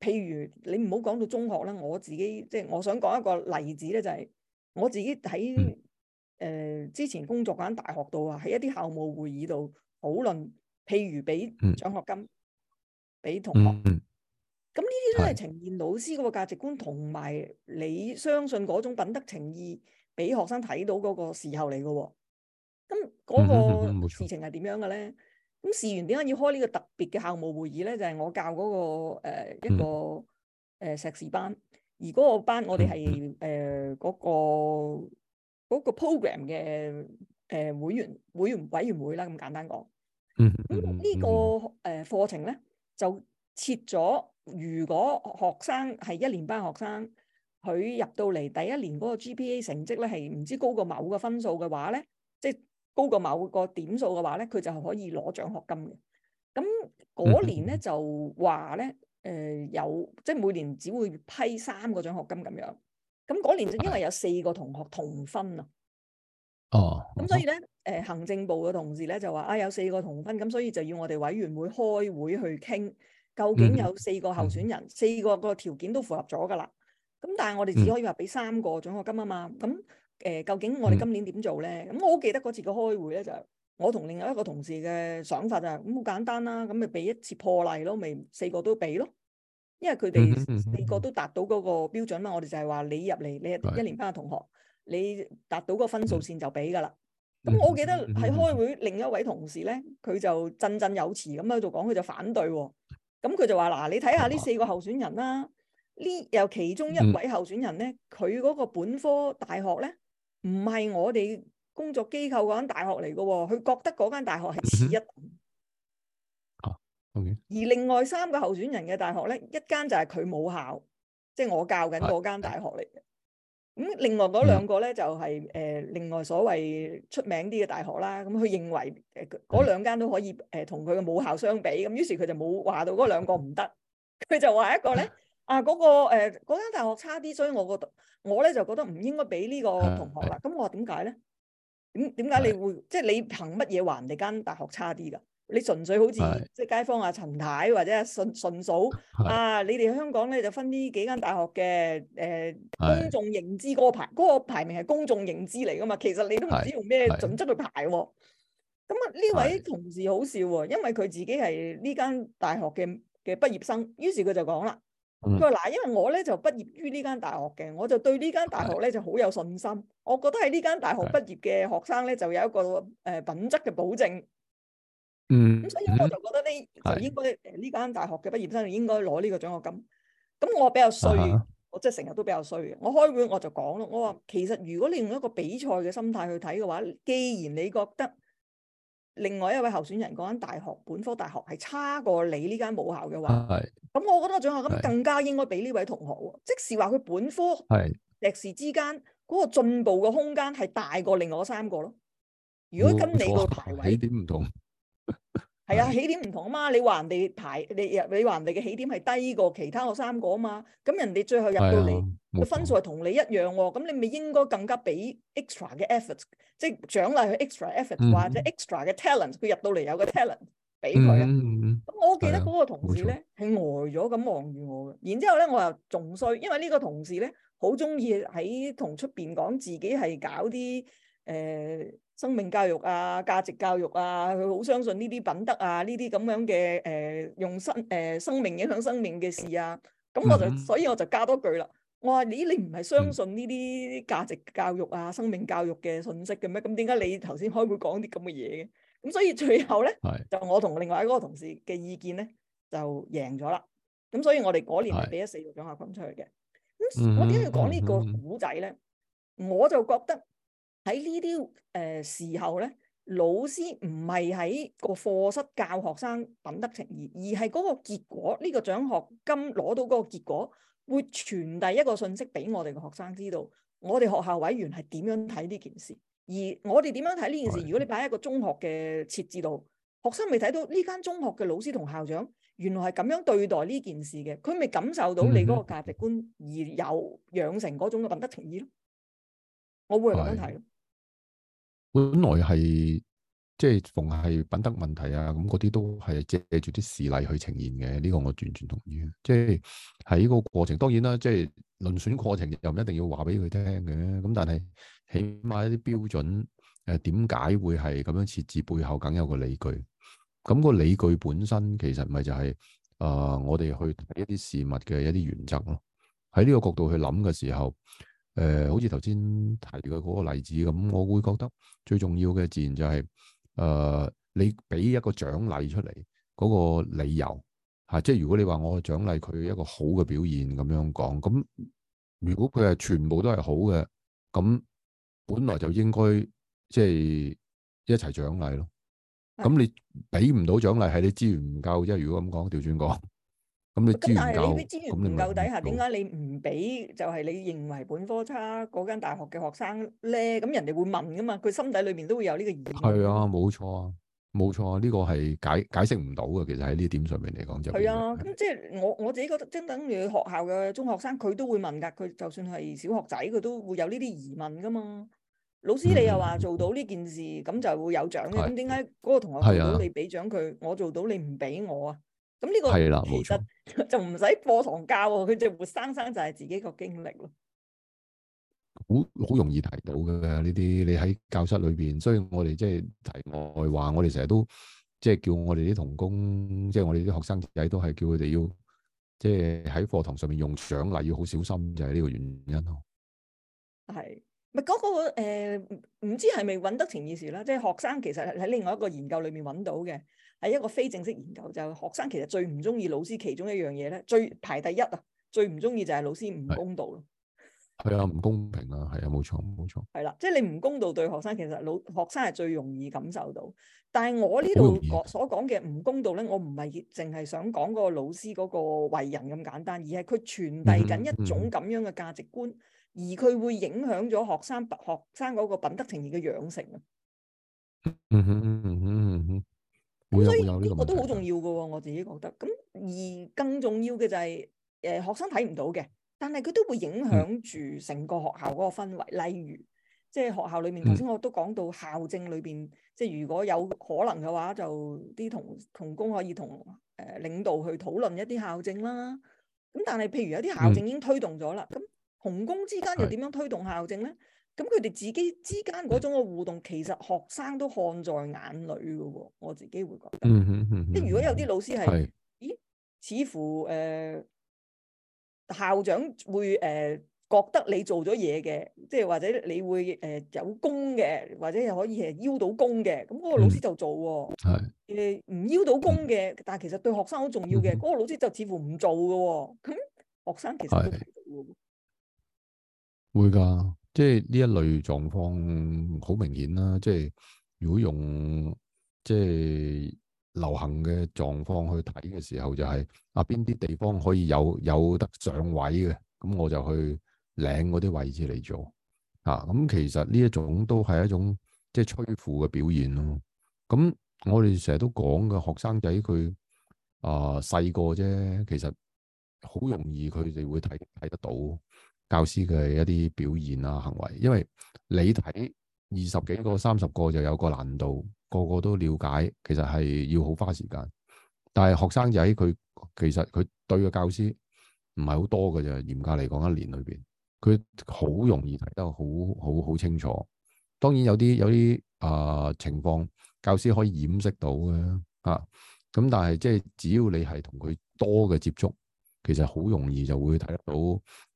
譬如你唔好講到中學啦，我自己即係我想講一個例子咧、就是，就係我自己喺誒、嗯呃、之前工作間大學度啊，喺一啲校務會議度討論，譬如俾獎學金俾、嗯、同學，咁呢啲都係呈現老師嘅價值觀，同埋、嗯、你相信嗰種品德情義俾學生睇到嗰個時候嚟嘅。咁嗰個事情係點樣嘅咧？咁事緣點解要開呢個特別嘅校務會議咧？就係、是、我教嗰、那個、呃、一個誒碩、呃、士班，而嗰個班我哋係誒嗰個 program 嘅誒、呃、會員會員委員會啦，咁簡單講。嗯、這個，咁、呃、呢個誒課程咧就設咗，如果學生係一年班學生，佢入到嚟第一年嗰個 GPA 成績咧係唔知高過某個分數嘅話咧。高過某個點數嘅話咧，佢就可以攞獎學金嘅。咁嗰年咧就話咧，誒、呃、有即係每年只會批三個獎學金咁樣。咁嗰年就因為有四個同學同分啊。哦。咁所以咧，誒、呃、行政部嘅同事咧就話啊，有四個同分，咁所以就要我哋委員會開會去傾，究竟有四個候選人，嗯嗯、四個個條件都符合咗噶啦。咁但係我哋只可以話俾三個獎學金啊嘛。咁。誒、呃，究竟我哋今年點做咧？咁、嗯、我好記得嗰次嘅開會咧，就我同另外一個同事嘅想法就係咁好簡單啦、啊。咁咪俾一次破例咯，咪四個都俾咯，因為佢哋四個都達到嗰個標準嘛。我哋就係話你入嚟，你一年班嘅同學，是你達到個分數線就俾㗎啦。咁我記得喺開會，另一位同事咧，佢就振振有詞咁喺度講，佢就反對喎、哦。咁佢就話嗱，你睇下呢四個候選人啦、啊，呢又、啊、其中一位候選人咧，佢嗰、嗯、個本科大學咧。唔係我哋工作機構嗰間大學嚟嘅，佢覺得嗰間大學係次一等。哦，OK。而另外三個候選人嘅大學咧，一間就係佢母校，即係我教緊嗰間大學嚟嘅。咁另外嗰兩個咧，就係誒另外所謂出名啲嘅大學啦。咁佢認為誒嗰兩間都可以誒同佢嘅母校相比，咁於是佢就冇話到嗰兩個唔得，佢就話一個咧。啊！嗰個誒間大學差啲，所以我覺得我咧就覺得唔應該俾呢個同學啦。咁我話點解咧？點點解你會即係你憑乜嘢話人哋間大學差啲噶？你純粹好似即係街坊阿陳太或者阿順順嫂啊，你哋香港咧就分呢幾間大學嘅誒公眾認知嗰個排嗰個排名係公眾認知嚟噶嘛？其實你都唔知用咩準則去排喎。咁啊，呢位同事好笑喎，因為佢自己係呢間大學嘅嘅畢業生，於是佢就講啦。佢話嗱，因為我咧就畢業於呢間大學嘅，我就對呢間大學咧的就好有信心。我覺得喺呢間大學畢業嘅學生咧，就有一個誒、呃、品質嘅保證。嗯。咁所以我就覺得呢的就應該呢間大學嘅畢業生應該攞呢個獎學金。咁我比較衰，的我即係成日都比較衰。我開會我就講咯，我話其實如果你用一個比賽嘅心態去睇嘅話，既然你覺得。另外一位候選人嗰間大學本科大學係差過你呢間母校嘅話，咁、啊嗯、我覺得獎學金更加應該俾呢位同學喎、啊。即使話佢本科歷時之間嗰個進步嘅空間係大過另外三個咯。如果跟你個排位點唔、啊、同。係啊，起點唔同啊嘛！你話人哋排你，你話人哋嘅起點係低過其他個三個啊嘛，咁人哋最後入到嚟，個、哎、分數係同你一樣喎、哦，咁、哎、呀你咪應該更加俾 extra 嘅 effort，即係獎勵佢 extra effort、嗯、或者 extra 嘅 talent，佢入到嚟有個 talent 俾佢啊！咁、嗯嗯、我記得嗰個同事咧係、哎、呆咗咁望住我嘅，然之後咧我又仲衰，因為呢個同事咧好中意喺同出邊講自己係搞啲誒。呃生命教育啊，價值教育啊，佢好相信呢啲品德啊，呢啲咁樣嘅誒、呃，用生誒、呃、生命影響生命嘅事啊。咁我就、mm hmm. 所以我就加多句啦，我話你你唔係相信呢啲價值教育啊、mm hmm. 生命教育嘅信息嘅咩？咁點解你頭先開會講啲咁嘅嘢嘅？咁所以最後咧，mm hmm. 就我同另外一個同事嘅意見咧就贏咗啦。咁所以我哋嗰年係俾咗四個獎學金出去嘅。咁我點解要講個呢個古仔咧？我就覺得。Hmm. Mm hmm. 喺呢啲誒時候咧，老師唔係喺個課室教學生品德情義，而係嗰個結果，呢個獎學金攞到嗰個結果，會傳遞一個信息俾我哋嘅學生知道，我哋學校委員係點樣睇呢件事，而我哋點樣睇呢件事。的如果你擺喺一個中學嘅設置度，學生未睇到呢間中學嘅老師同校長，原來係咁樣對待呢件事嘅，佢咪感受到你嗰個價值觀，而有養成嗰種嘅品德情義咯。的我會咁樣睇。本來係即係逢係品德問題啊，咁嗰啲都係借住啲事例去呈現嘅。呢個我完全同意，即係喺呢個過程，當然啦，即係論選過程又唔一定要話俾佢聽嘅。咁但係起碼一啲標準誒，點解會係咁樣設置？背後梗有個理據。咁個理據本身其實咪就係誒，我哋去睇一啲事物嘅一啲原則咯。喺呢個角度去諗嘅時候。誒、呃，好似頭先提嘅嗰個例子咁，我會覺得最重要嘅自然就係、是、誒、呃，你俾一個獎勵出嚟嗰、那個理由吓、啊，即係如果你話我獎勵佢一個好嘅表現咁樣講，咁如果佢係全部都係好嘅，咁本來就應該即係、就是、一齊獎勵咯。咁你俾唔到獎勵係你資源唔夠啫。即係如果咁講，調轉講。咁但係你啲資源唔夠，底下點解你唔俾？就係你認為本科差嗰間大學嘅學生呢，咁人哋會問噶嘛？佢心底裏面都會有呢個疑問。係啊，冇錯啊，冇錯啊，呢個係解解釋唔到嘅。其實喺呢點上面嚟講就係啊，咁即係我我自己覺得，即係等於學校嘅中學生，佢都會問噶。佢就算係小學仔，佢都會有呢啲疑問噶嘛。老師你又話做到呢件事，咁就會有獎嘅。咁點解嗰個同學做到你俾獎佢，我做到你唔俾我啊？咁呢個其實。就唔使課堂教，佢就活生生就係自己個經歷咯。好好容易提到嘅呢啲，你喺教室裏邊，所以我哋即係題外話，我哋成日都即係、就是、叫我哋啲童工，即、就、係、是、我哋啲學生仔都，都係叫佢哋要即係喺課堂上面用獎勵要好小心，就係呢個原因咯。係咪嗰個唔、呃、知係咪揾得情意事啦？即、就、係、是、學生其實喺另外一個研究裏面揾到嘅。係一個非正式研究，就係、學生其實最唔中意老師其中一樣嘢咧，最排第一啊，最唔中意就係老師唔公道咯。係啊，唔公平啊，係啊，冇錯冇錯。係啦，即係、啊就是、你唔公道對學生，其實老學生係最容易感受到。但係我呢度所講嘅唔公道咧，我唔係淨係想講個老師嗰個為人咁簡單，而係佢傳遞緊一種咁樣嘅價值觀，嗯嗯、而佢會影響咗學生學生嗰個品德情義嘅養成啊、嗯。嗯哼嗯哼嗯哼。嗯嗯、有所以呢個，個都好重要嘅喎、哦，我自己覺得。咁而更重要嘅就係、是，誒、呃、學生睇唔到嘅，但係佢都會影響住成個學校嗰個氛圍。嗯、例如，即、就、係、是、學校裏面，頭先我都講到校政裏邊，嗯、即係如果有可能嘅話，就啲同同工可以同誒、呃、領導去討論一啲校政啦。咁但係譬如有啲校政已經推動咗啦，咁、嗯嗯、同工之間又點樣推動校政咧？咁佢哋自己之間嗰種嘅互動，其實學生都看在眼裏㗎喎。我自己會覺得，即係如果有啲老師係，咦，似乎誒校長會誒覺得你做咗嘢嘅，即係或者你會誒有功嘅，或者又可以係邀到功嘅，咁嗰個老師就做喎。係唔邀到功嘅，但係其實對學生好重要嘅，嗰個老師就似乎唔做㗎喎。咁學生其實都唔做㗎喎。會㗎。即係呢一類狀況好明顯啦、啊！即係如果用即係流行嘅狀況去睇嘅時候，就是，就係啊邊啲地方可以有有得上位嘅，咁我就去領嗰啲位置嚟做啊！咁、嗯、其實呢一種都係一種即係趨附嘅表現咯、啊。咁、嗯、我哋成日都講嘅學生仔，佢啊細個啫，其實好容易佢哋會睇睇得到。教師嘅一啲表現啊、行為，因為你睇二十幾個、三十個就有個難度，個個都了解，其實係要好花時間。但係學生仔，佢其實佢對個教師唔係好多嘅，就嚴格嚟講，一年裏邊佢好容易睇得好好好清楚。當然有啲有啲啊、呃、情況，教師可以掩飾到嘅嚇咁，但係即係只要你係同佢多嘅接觸，其實好容易就會睇得到。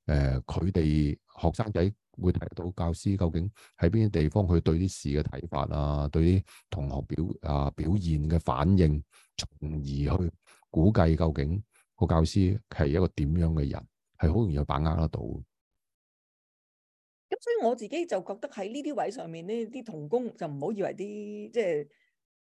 誒，佢哋、呃、學生仔會提到教師究竟喺邊啲地方，去對啲事嘅睇法啊，對啲同學表啊、呃、表現嘅反應，從而去估計究竟個教師係一個點樣嘅人，係好容易去把握得到。咁、嗯、所以我自己就覺得喺呢啲位上面，呢啲同工就唔好以為啲即係誒。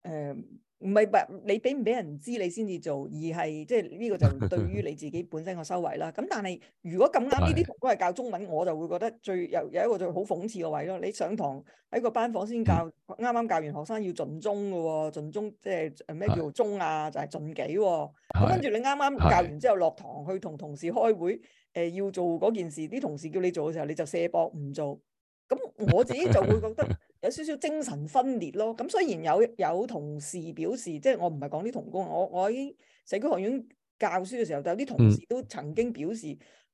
呃唔係你俾唔俾人知你先至做，而係即係呢個就對於你自己本身個收穫啦。咁 但係如果咁啱呢啲同事係教中文，我就會覺得最有有一個最好諷刺個位咯。你上堂喺個班房先教，啱啱、嗯、教完學生要盡忠噶喎，盡忠即係咩叫做忠啊， 就係盡己喎、哦。咁跟住你啱啱教完之後落堂去同同事開會，誒、呃、要做嗰件事，啲同事叫你做嘅時候，你就卸膊唔做。咁我自己就會覺得有少少精神分裂咯。咁雖然有有同事表示，即係我唔係講啲同工，我我喺社區學院教書嘅時候，就有啲同事都曾經表示，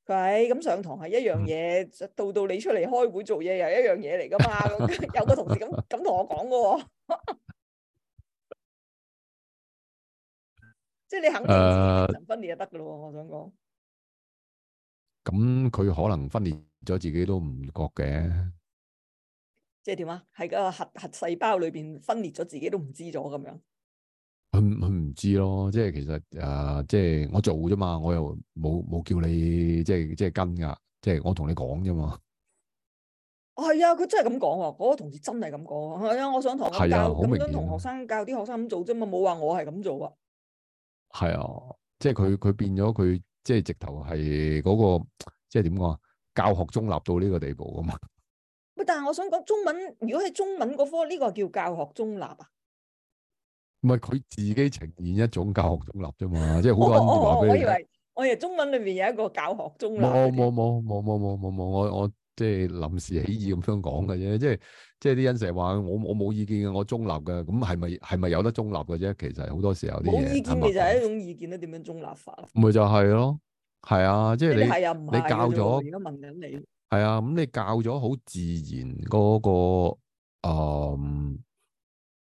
佢係咁上堂係一樣嘢，到到你出嚟開會做嘢又一樣嘢嚟噶嘛。有個同事咁咁同我講嘅喎，即係你肯定精神分裂就得嘅咯。我想講，咁佢可能分裂咗自己都唔覺嘅。即係點啊？喺個核核細胞裏邊分裂咗，自己都唔知咗咁樣。佢佢唔知咯，即係其實誒，即係我做啫嘛，我又冇冇叫你即係即係跟噶，即係我同你講啫嘛。係啊，佢真係咁講啊！我、那個同事真係咁講啊！係啊，我想上堂教咁、啊、樣同學生教啲學生咁做啫嘛，冇話我係咁做啊。係啊，即係佢佢變咗，佢即係直頭係嗰個，即係點講啊？教學中立到呢個地步啊嘛。但係我想講中文，如果係中文嗰科呢個叫教學中立啊？唔係佢自己呈現一種教學中立啫嘛，即係好簡單嘅話俾你。我以為我以為中文裡面有一個教學中立。冇冇冇冇冇冇冇，我我即係臨時起意咁樣講嘅啫，即係即係啲人成日話我我冇意見嘅，我中立嘅，咁係咪係咪有得中立嘅啫？其實好多時候啲冇意見其實係一種意見咧，點樣中立法？唔咪就係咯，係啊，即係你你教咗而家問緊你。係啊，咁你教咗好自然嗰，那個，誒、呃，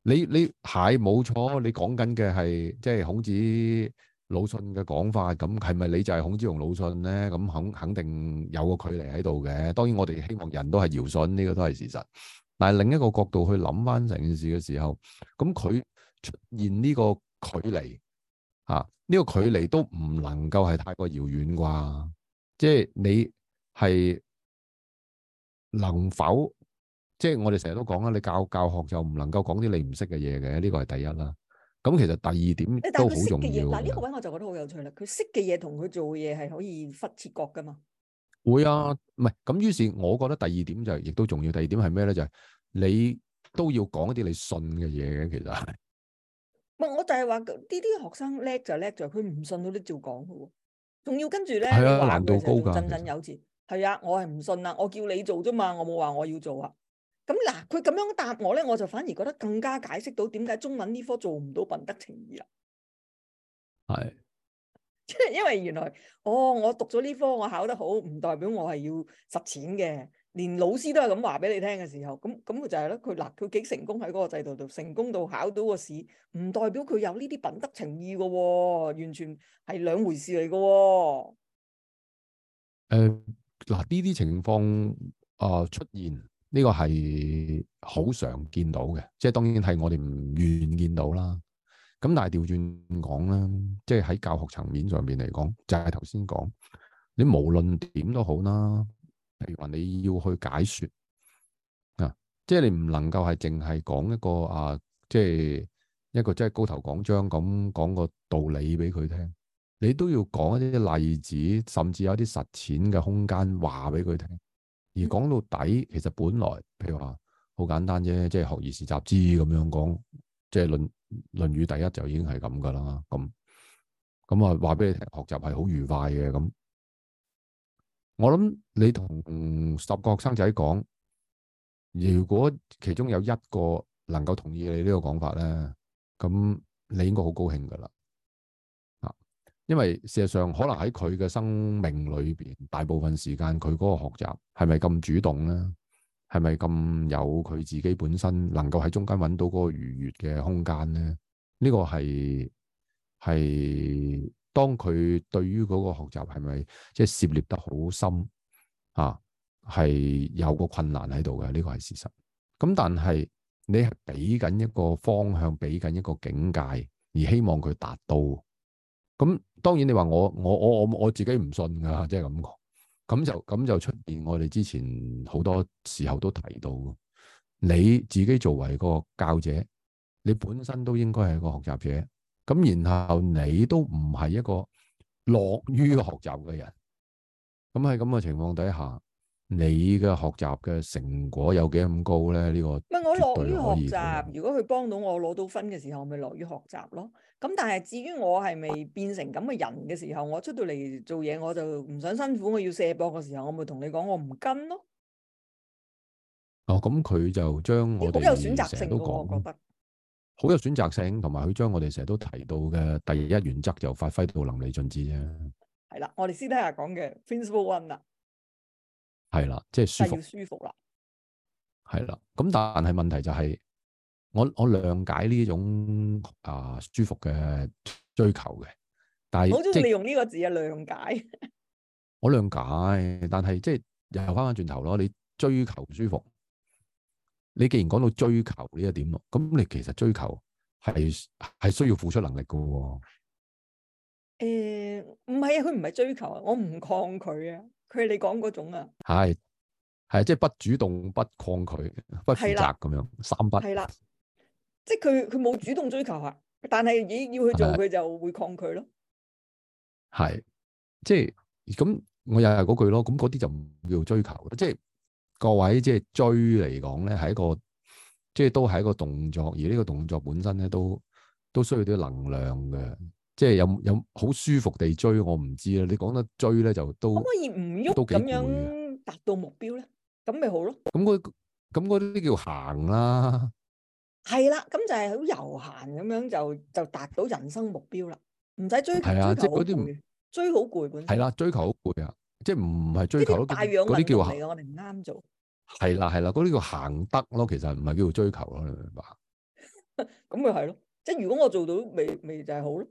你你係冇錯，你講緊嘅係即係孔子、魯迅嘅講法，咁係咪你就係孔子同魯迅咧？咁肯肯定有個距離喺度嘅。當然我哋希望人都係堯舜，呢、這個都係事實。但係另一個角度去諗翻成件事嘅時候，咁佢出現呢個距離，吓、啊、呢、這個距離都唔能夠係太過遙遠啩，即、就、係、是、你係。能否即係我哋成日都講啦？你教教學就唔能夠講啲你唔識嘅嘢嘅，呢個係第一啦。咁其實第二點都好重要。嗱呢個位我就覺得好有趣啦。佢識嘅嘢同佢做嘅嘢係可以忽切割噶嘛？會啊，唔係咁。於是我覺得第二點就亦都重要。第二點係咩咧？就係你都要講一啲你信嘅嘢嘅，其實係。唔係我就係話呢啲學生叻就叻就，佢唔信佢都照講嘅喎，仲要跟住咧係啊，難度高噶，振振有詞。係啊，我係唔信啊。我叫你做啫嘛，我冇話我要做啊。咁嗱，佢咁樣答我咧，我就反而覺得更加解釋到點解中文呢科做唔到品德情意啦。係的， 因為原來，哦，我讀咗呢科，我考得好，唔代表我係要實踐嘅，連老師都係咁話俾你聽嘅時候，咁咁佢就係咯，佢嗱佢幾成功喺嗰個制度度成功到考到個試，唔代表佢有呢啲品德情意噶、哦，完全係兩回事嚟噶、哦。誒、嗯。嗱，呢啲情況啊，出現呢個係好常見到嘅，即係當然係我哋唔願見到啦。咁但係調轉講啦，即係喺教學層面上面嚟講，就係頭先講，你無論點都好啦，譬如話你要去解説啊，即係你唔能夠係淨係講一個啊，即係一個即係高頭講章咁講個道理俾佢聽。你都要講一啲例子，甚至有啲實踐嘅空間，話俾佢聽。而講到底，其實本來，譬如話好簡單啫，即係學而時習之咁樣講，即係《論論語》第一就已經係咁噶啦。咁咁啊，話俾你聽，學習係好愉快嘅。咁我諗你同十個學生仔講，如果其中有一個能夠同意你呢個講法咧，咁你應該好高興噶啦。因為事實上可能喺佢嘅生命裏邊，大部分時間佢嗰個學習係咪咁主動咧？係咪咁有佢自己本身能夠喺中間揾到嗰個愉悅嘅空間咧？呢個係係當佢對於嗰個學習係咪即係涉獵得好深啊？係有個困難喺度嘅，呢個係事實。咁但係你係俾緊一個方向，俾緊一個境界，而希望佢達到。咁當然你話我我我我我自己唔信㗎，即係咁講。咁就咁就出現，我哋之前好多時候都提到，你自己作為個教者，你本身都應該係一個學習者。咁然後你都唔係一個樂於學習嘅人。咁喺咁嘅情況底下。你嘅學習嘅成果有幾咁高咧？呢、呢個唔係我樂於學習，如果佢幫到我攞到分嘅時候，我咪樂於學習咯。咁但係至於我係咪變成咁嘅人嘅時候，我出到嚟做嘢，我就唔想辛苦，我要卸膊嘅時候，我咪同你講，我唔跟咯。哦，咁佢就將我哋好有選擇性，都講覺得好有選擇性，同埋佢將我哋成日都提到嘅第一原則，就發揮到淋漓盡致啫。係啦，我哋私底下講嘅 Principle One 啦。係啦，即係舒服，舒服啦、啊，係啦。咁但係問題就係、是，我我諒解呢種啊舒服嘅追求嘅，但係我好中意你即用呢個字啊，諒解。 我諒解，但係即係又翻翻轉頭咯。你追求舒服，你既然講到追求呢一點咯，咁你其實追求係係需要付出能力噶、哦。誒、欸，唔係啊，佢唔係追求啊，我唔抗拒啊。佢係你講嗰種啊，係係即係不主動、不抗拒、不負責咁的樣三不，係啦，即係佢佢冇主動追求啊，但係已要去做佢就會抗拒咯，係即係咁我又係嗰句咯，咁嗰啲就唔叫追求，即係各位即係追嚟講咧係一個即係都係一個動作，而呢個動作本身咧都都需要啲能量嘅。即係有有好舒服地追，我唔知啦。你講得追咧，就都可，可以唔喐都咁樣達到目標咧？咁咪好咯。咁嗰咁嗰啲叫行啦。係啦，咁就係好悠閒咁樣就就達到人生目標啦。唔使追求，係啊、追求好攰，追求好攰本身。係啦，追求好攰啊！即係唔係追求咯？嗰啲叫行走，我哋唔啱做。係啦係啦，嗰啲叫行得咯。其實唔係叫做追求咯，你明白？咁咪係咯，即係如果我做到，未未就係好咯。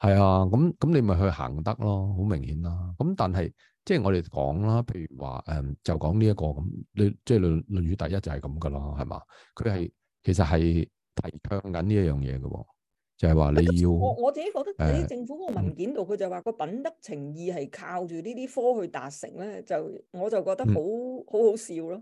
係啊，咁咁你咪去行得咯，好明顯啦。咁但係即係我哋講啦，譬如話誒、嗯，就講呢一個咁，你即係論論語第一就係咁噶啦，係嘛？佢係其實係提倡緊呢一樣嘢嘅，就係、是、話你要我我自己覺得喺政府嗰個文件度，佢、嗯、就話個品德情意係靠住呢啲科去達成咧，就我就覺得好好、嗯、好笑咯。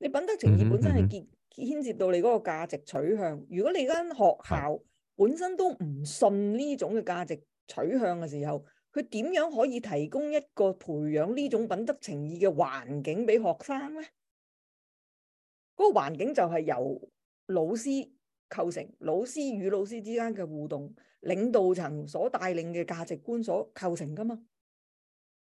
你品德情意本身係結牽涉到你嗰個價值取向，嗯嗯嗯、如果你間學校、嗯。本身都唔信呢種嘅價值取向嘅時候，佢點樣可以提供一個培養呢種品德情意嘅環境俾學生咧？嗰、那個環境就係由老師構成，老師與老師之間嘅互動、領導層所帶領嘅價值觀所構成噶嘛。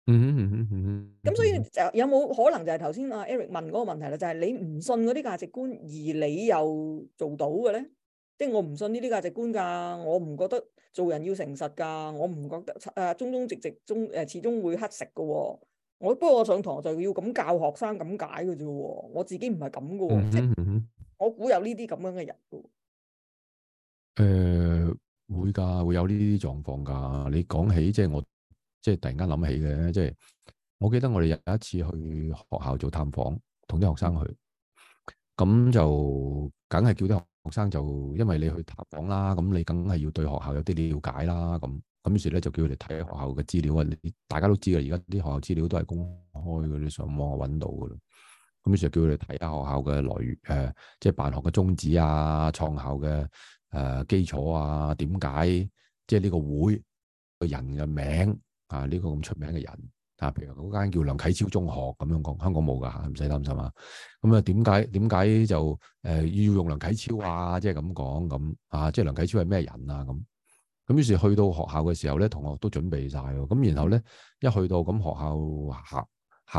嗯嗯嗯。咁所以就有冇可能就係頭先阿 Eric 問嗰個問題啦？就係、是、你唔信嗰啲價值觀，而你又做到嘅咧？即係我唔信呢啲價值觀噶，我唔覺得做人要誠實噶，我唔覺得誒忠忠直直，忠誒始終會乞食噶。我不過、哦、我，我上堂就要咁教學生咁解噶啫，我自己唔係咁噶。嗯哼嗯哼，我估有呢啲咁樣嘅人噶。誒、呃，會噶，會有呢啲狀況噶。你講起即係、就是、我即係、就是、突然間諗起嘅，即、就、係、是、我記得我哋有一次去學校做探訪，同啲學生去，咁就梗係叫啲。學生就，因為你去探訪啦，咁你梗係要對學校有啲了解啦，咁咁於是咧就叫佢哋睇下學校嘅資料啊，大家都知嘅，而家啲學校資料都係公開嗰啲，你上網揾到噶啦。咁於是叫佢哋睇下學校嘅來源，誒，即係辦學嘅宗旨啊，創校嘅誒基礎啊，點解即係呢個會嘅人嘅名啊，呢個咁出名嘅人。啊，譬如嗰間叫梁啟超中學咁樣講，香港冇噶吓，唔使擔心啊。咁啊，點解點解就誒、呃、要用梁啟超啊？即係咁講咁啊，即、就、係、是、梁啟超係咩人啊？咁咁於是去到學校嘅時候咧，同學都準備晒咯。咁、啊、然後咧一去到咁、啊、學校校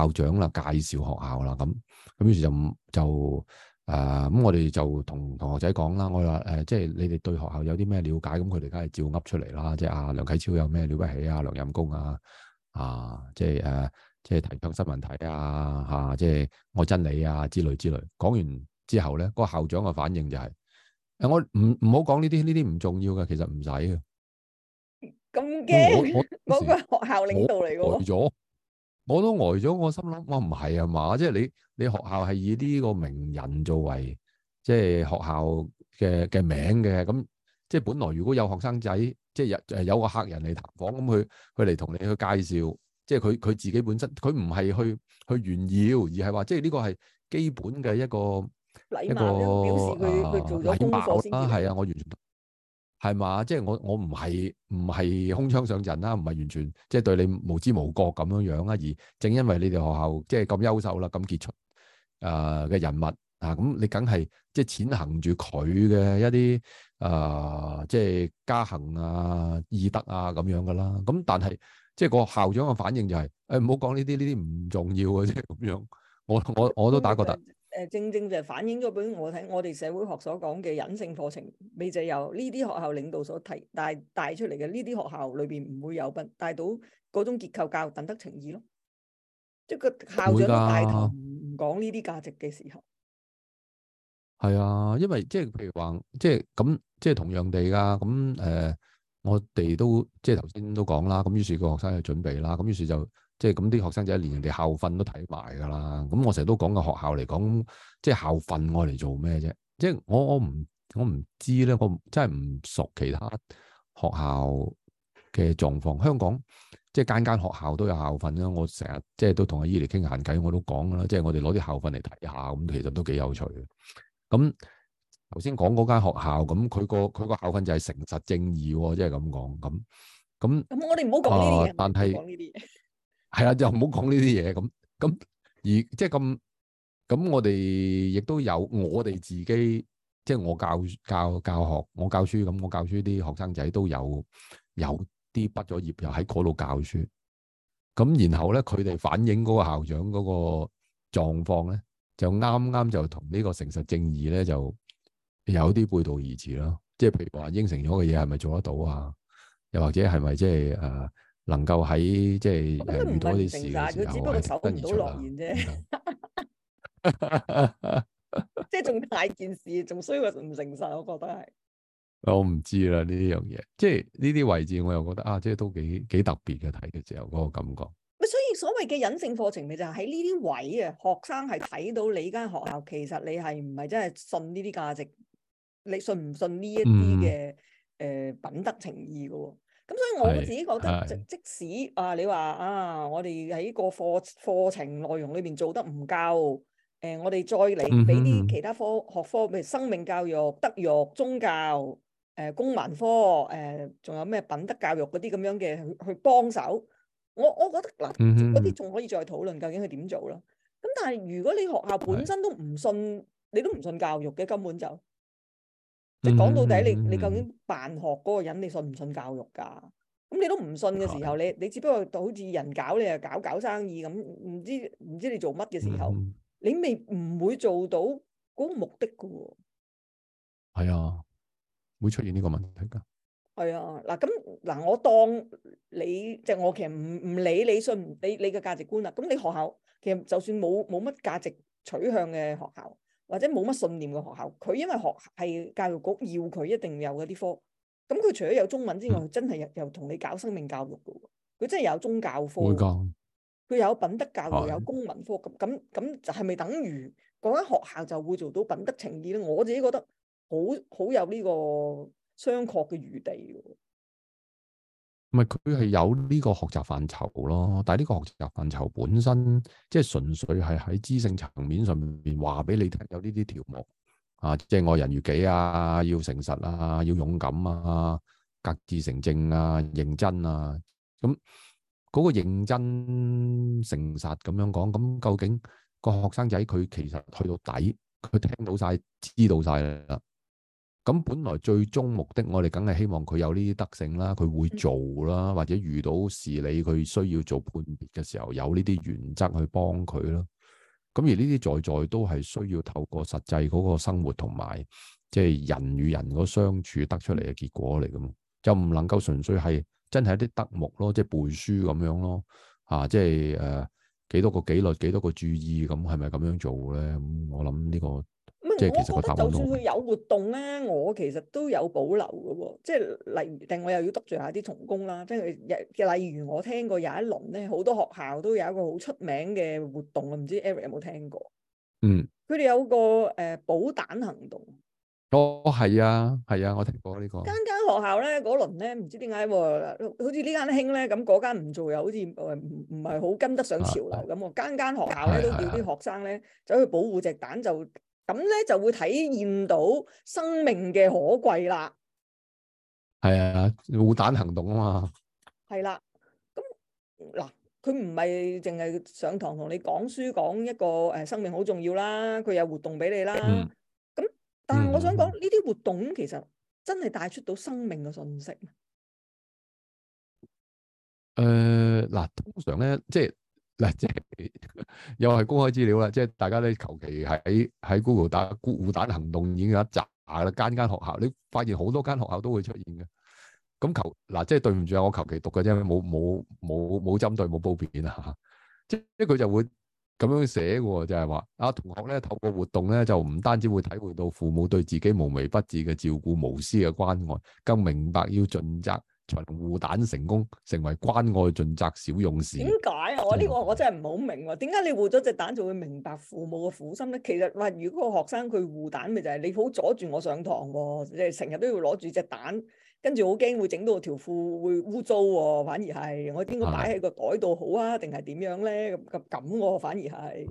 校長啦、啊，介紹學校啦，咁咁於是就就誒咁我哋就同同學仔講啦，我話誒即係你哋對學校有啲咩了解？咁佢哋梗係照噏出嚟啦，即係啊，啊梁啟超有咩了不起啊？梁任公啊？啊啊啊啊啊啊，即係、啊、誒，即係提倡新聞體啊，吓、啊，即係愛真理啊之類之類。講完之後咧，嗰、嗰個校長嘅反應就係，誒，我唔唔好講呢啲，呢啲唔重要噶，其實唔使嘅。咁驚？嗰個學校領導嚟嘅喎，呆咗，我都呆咗。我心諗，我唔係啊嘛，即係你你學校係以呢個名人作為即係學校嘅嘅名嘅咁。即係本來如果有學生仔，即係有誒有個客人嚟探訪，咁佢佢嚟同你去介紹，即係佢佢自己本身，佢唔係去去炫耀，而係話即係呢個係基本嘅一個禮貌一個禮貌啦。係啊，我完全係嘛？即係我我唔係唔係空槍上陣啦，唔係完全即係對你無知無覺咁樣樣啊。而正因為你哋學校即係咁優秀啦，咁傑出誒嘅、呃、人物。啊，咁你梗係即係踐行住佢嘅一啲啊，即係、呃、家行啊、義德啊咁樣噶啦。咁但係即係個校長嘅反應就係、是，誒唔好講呢啲，呢啲唔重要嘅啫咁樣。我我我都打個突，誒、就是、正正就係反映咗俾我睇，我哋社會學所講嘅隱性課程，咪就由呢啲學校領導所提帶帶出嚟嘅，呢啲學校裏邊唔會有不帶到嗰種結構教育等得情義咯。即係個校長喺大堂唔講呢啲價值嘅時候。係啊，因為即係譬如話，即係咁，即係同樣地㗎。咁誒、呃，我哋都即係頭先都講啦。咁於是個學生去準備啦。咁於是就即係咁啲學生就連人哋校訓都睇埋㗎啦。咁我成日都講個學校嚟講，即係校訓我嚟做咩啫？即係我我唔我唔知咧，我真係唔熟其他學校嘅狀況。香港即係間間學校都有校訓啦。我成日即係都同阿姨嚟傾閒偈，我都講啦。即係我哋攞啲校訓嚟睇下，咁其實都幾有趣。咁頭先講嗰間學校，咁佢個佢個校訓就係誠實正義，即係咁講咁咁。咁我哋唔好講呢啲嘢，但係講呢啲係啦，就唔好講呢啲嘢咁咁。而即係咁咁，我哋亦都有我哋自己，即係我教教教學，我教書咁，我教書啲學生仔都有有啲畢咗業又喺嗰度教書。咁然後咧，佢哋反映嗰個校長嗰個狀況咧。就啱啱，就同呢個誠實正義咧，就有啲背道而馳咯。即係譬如話應承咗嘅嘢係咪做得到啊？又或者係咪即係誒，能夠喺即係遇到嗰啲事嘅時候，守唔到諾言啫？即係仲大件事，仲衰過唔誠實，我覺得係。我唔知啦，呢樣嘢，即係呢啲位置我又覺得啊，即係都幾幾特別嘅睇嘅時候嗰個感覺。所以所謂嘅隱性課程，咪就係喺呢啲位啊，學生係睇到你間學校，其實你係唔係真係信呢啲價值？你信唔信呢一啲嘅誒品德情意嘅喎？咁所以我自己覺得，是即，即使啊，你話啊，我哋喺個課課程內容裏邊做得唔夠，誒、呃，我哋再嚟俾啲其他科學科，譬如生命教育、德育、宗教、誒、呃、公民科、誒、呃、仲有咩品德教育嗰啲咁樣嘅去去幫手。我我覺得嗱，嗰啲仲可以再討論究竟係點做啦。咁但係如果你學校本身都唔信，的你都唔信教育嘅，根本就即係講到底，嗯、你你究竟辦學嗰個人，你信唔信教育㗎？咁你都唔信嘅時候，你你只不過就好似人搞你啊，搞搞生意咁，唔知唔知你做乜嘅時候，的你未唔會做到嗰個目的㗎喎？係啊，會出現呢個問題㗎。係啊，嗱咁，嗱，我當你即係、就是、我其實唔唔理你信唔你你嘅價值觀啦，咁你學校其實就算冇冇乜價值取向嘅學校，或者冇乜信念嘅學校，佢因為學係教育局要佢一定要有嗰啲科，咁佢除咗有中文之外，嗯、真係又同你搞生命教育噶，佢真係有宗教科，佢講有品德教育，有公民科，咁咁咁就係咪等於講翻學校就會做到品德情意咧？我自己覺得好好有呢、這個。商榷嘅餘地，唔係佢係有呢個學習範疇咯。但係呢個學習範疇本身，即係純粹係喺知性層面上面話俾你聽，有呢啲條目啊，即係愛人如己啊，要誠實啊，要勇敢啊，格致誠正啊，認真啊。咁、嗯、嗰、那個認真、誠實咁樣講，咁、嗯、究竟個學生仔佢其實去到底，佢聽到晒，知道晒啦。咁本來最終目的，我哋梗係希望佢有呢啲德性啦，佢會做啦，或者遇到事理佢需要做判別嘅時候，有呢啲原則去幫佢咯。咁而呢啲在在都係需要透過實際嗰個生活同埋即係人與人個相處得出嚟嘅結果嚟噶嘛，就唔能夠純粹係真係一啲德目咯，即係背書咁樣咯。啊，即係誒、呃、幾多個紀律，幾多個注意，咁係咪咁樣做咧？咁、嗯、我諗呢、這個。我覺得就算佢有活動咧，我其實都有保留嘅喎。即係例如，定我又要得罪下啲同工啦。即係日，例如我聽過有一輪咧，好多學校都有一個好出名嘅活動啊！唔知 Eric 有冇聽過？嗯，佢哋有個誒補蛋行動。哦，係啊，係啊，我聽過呢個。間間學校咧，嗰輪咧，唔知點解喎，好似呢間興咧，咁嗰間唔做又好似誒，唔唔係好跟得上潮流咁喎。間間學校咧都叫啲學生咧走去保護隻蛋就～咁咧就會體驗到生命嘅可貴啦。係啊，護蛋行動啊嘛。係啦、啊。咁嗱，佢唔係淨係上堂同你講書講一個誒、啊、生命好重要啦，佢有活動俾你啦。咁、嗯、但係我想講呢啲活動其實真係帶出到生命嘅信息。誒嗱、呃啊，通常咧即係。嗱，即係又係公開資料啦，即係大家咧求其喺喺 Google 打護蛋行動已經有一集啦，間間學校你發現好多間學校都會出現嘅。咁求嗱，即係對唔住啊，我求其讀嘅啫，冇冇冇冇針對冇褒貶啊，即係即佢就會咁樣寫嘅，就係話啊同學咧透過活動咧就唔單止會體會到父母對自己無微不至嘅照顧無私嘅關愛，更明白要盡責。護蛋成功，成為關愛盡責小勇士。點解啊？我呢個我真係唔好明喎。點解你護咗隻蛋，就會明白父母嘅苦心咧？其實喂，如果個學生佢護蛋，咪就係你好阻住我上堂喎，即係成日都要攞住隻蛋，跟住好驚會整到條褲會污糟喎。反而係我應該擺喺個袋度好啊？定係點樣咧？咁咁我反而係，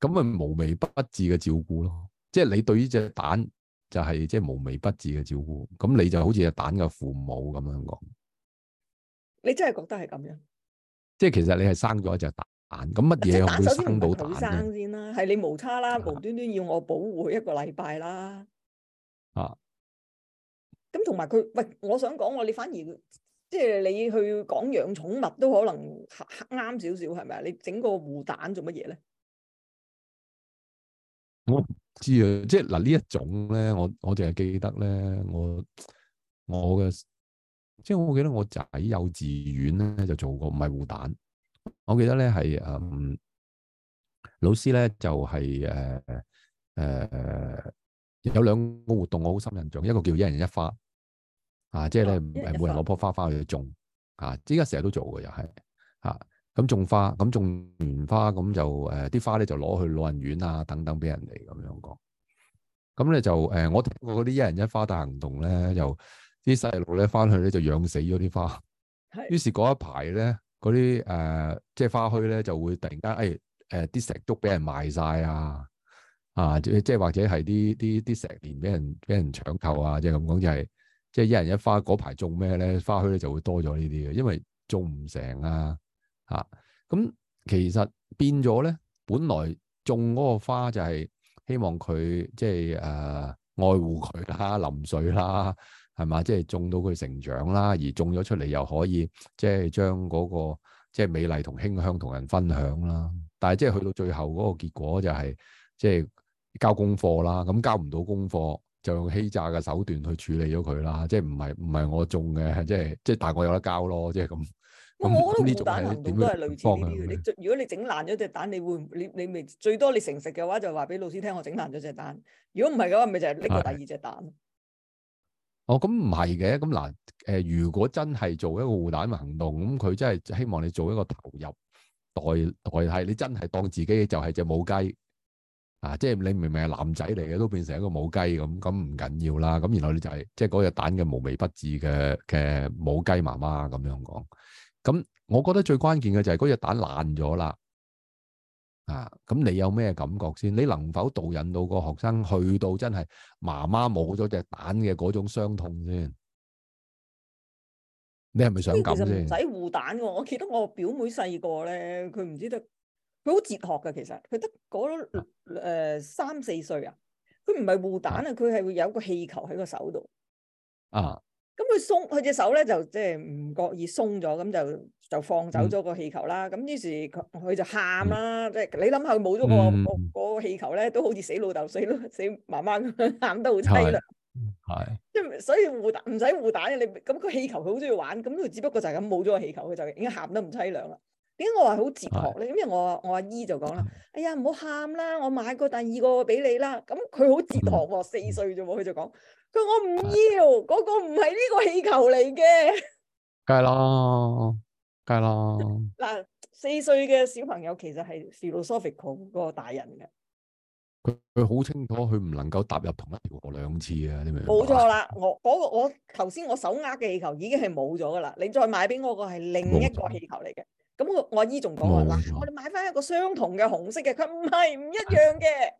咁咪無微不至嘅照顧咯。即係你對呢隻蛋。就係即係無微不至嘅照顧，咁你就好似個蛋嘅父母咁樣講。你真係覺得係咁樣？即係其實你係生咗一隻蛋，咁乜嘢會生到蛋咧？生先啦，係你無差啦，無端端要我保護佢一個禮拜啦。啊！咁同埋佢，喂，我想講喎，你反而即係你去講養寵物都可能啱少少，係咪啊？你整個護蛋做乜嘢咧？我。知啊，即係嗱呢一種咧，我我淨係記得咧，我我嘅即係我記得我仔幼稚園咧就做過唔係護蛋，我記得咧係嗯老師咧就係誒誒有兩個活動我好深印象，一個叫一人一花啊，即係咧係每人攞棵花花去種啊，依家成日都做嘅又係吓。咁種花，咁種完花，咁就誒啲、呃、花咧就攞去老人院啊等等俾人哋咁樣講。咁咧就誒、呃，我聽過嗰啲一人一花大行動咧，就啲細路咧翻去咧就養死咗啲花。係的。於是嗰一排咧，嗰啲誒即係花墟咧就會突然間誒誒啲石竹俾人賣晒啊啊！即係或者係啲啲啲石蓮俾人俾人搶購啊，就是就是、即係咁講就係即係一人一花嗰排種咩咧，花墟咧就會多咗呢啲嘅，因為種唔成啊。啊，咁其實變咗咧，本來種嗰個花就係希望佢即係誒愛護佢啦，淋水啦，係嘛，即係種到佢成長啦，而種咗出嚟又可以即係將嗰個即係美麗同馨香同人分享啦。但係即係去到最後嗰個結果就係即係交功課啦，咁交唔到功課就用欺詐嘅手段去處理咗佢啦，即係唔係唔係我種嘅，即係即係大個有得交咯，即係咁。我覺得護蛋行動都係類似呢啲嘅。你如果你整爛咗隻蛋，你會你你未最多你誠實嘅話就話俾老師聽，我整爛咗隻蛋。如果唔係嘅話，咪就係拎個第二隻蛋。哦，咁唔係嘅。咁嗱，誒，如果真係做一個護蛋行動，咁佢真係希望你做一個投入代代替。你真係當自己就係隻母雞啊！即係你明明係男仔嚟嘅，都變成一個母雞咁，咁唔緊要啦。咁然後你就係即係嗰隻蛋嘅無微不至嘅嘅母雞媽媽咁樣講。咁，我覺得最關鍵嘅就係嗰隻蛋爛咗啦，啊！咁你有咩感覺先？你能否導引到個學生去到真係媽媽冇咗隻蛋嘅嗰種傷痛先？你係咪想咁？其實唔使護蛋嘅，哦，我記得我表妹細個咧，佢唔知得，佢好哲學嘅其實，佢得嗰三四歲啊，佢唔係護蛋啊，佢係會有個氣球喺個手度啊。咁佢鬆佢隻手咧就即係唔覺意鬆咗，咁就就放走咗個氣球啦。咁於是佢佢就喊啦，即係你諗下佢冇咗個個個氣球咧，都好似死老豆死咯死媽媽喊得好凄涼，係。即係所以護蛋唔使護蛋嘅，你，咁個氣球佢好中意玩，咁佢只不過就係咁冇咗個氣球，佢就已經喊得唔凄涼啦。點解我話好哲學咧？因為我我阿姨就講啦：，哎呀，唔好喊啦，我買個第二個俾你啦。咁佢好哲學喎，四歲啫，喎佢就講：，佢我唔要，嗰個唔係呢個氣球嚟嘅。梗係啦，梗係啦。嗱，四歲嘅小朋友其實係 philosophical 個大人嘅。佢佢好清楚，佢唔能夠踏入同一條河兩次啊！你明？冇錯啦，我嗰個我頭先我手握嘅氣球已經係冇咗噶啦，你再買俾我個係另一個氣球嚟嘅。咁我阿姨仲講話，我哋買翻一個相同嘅紅色嘅，佢唔係唔一樣嘅。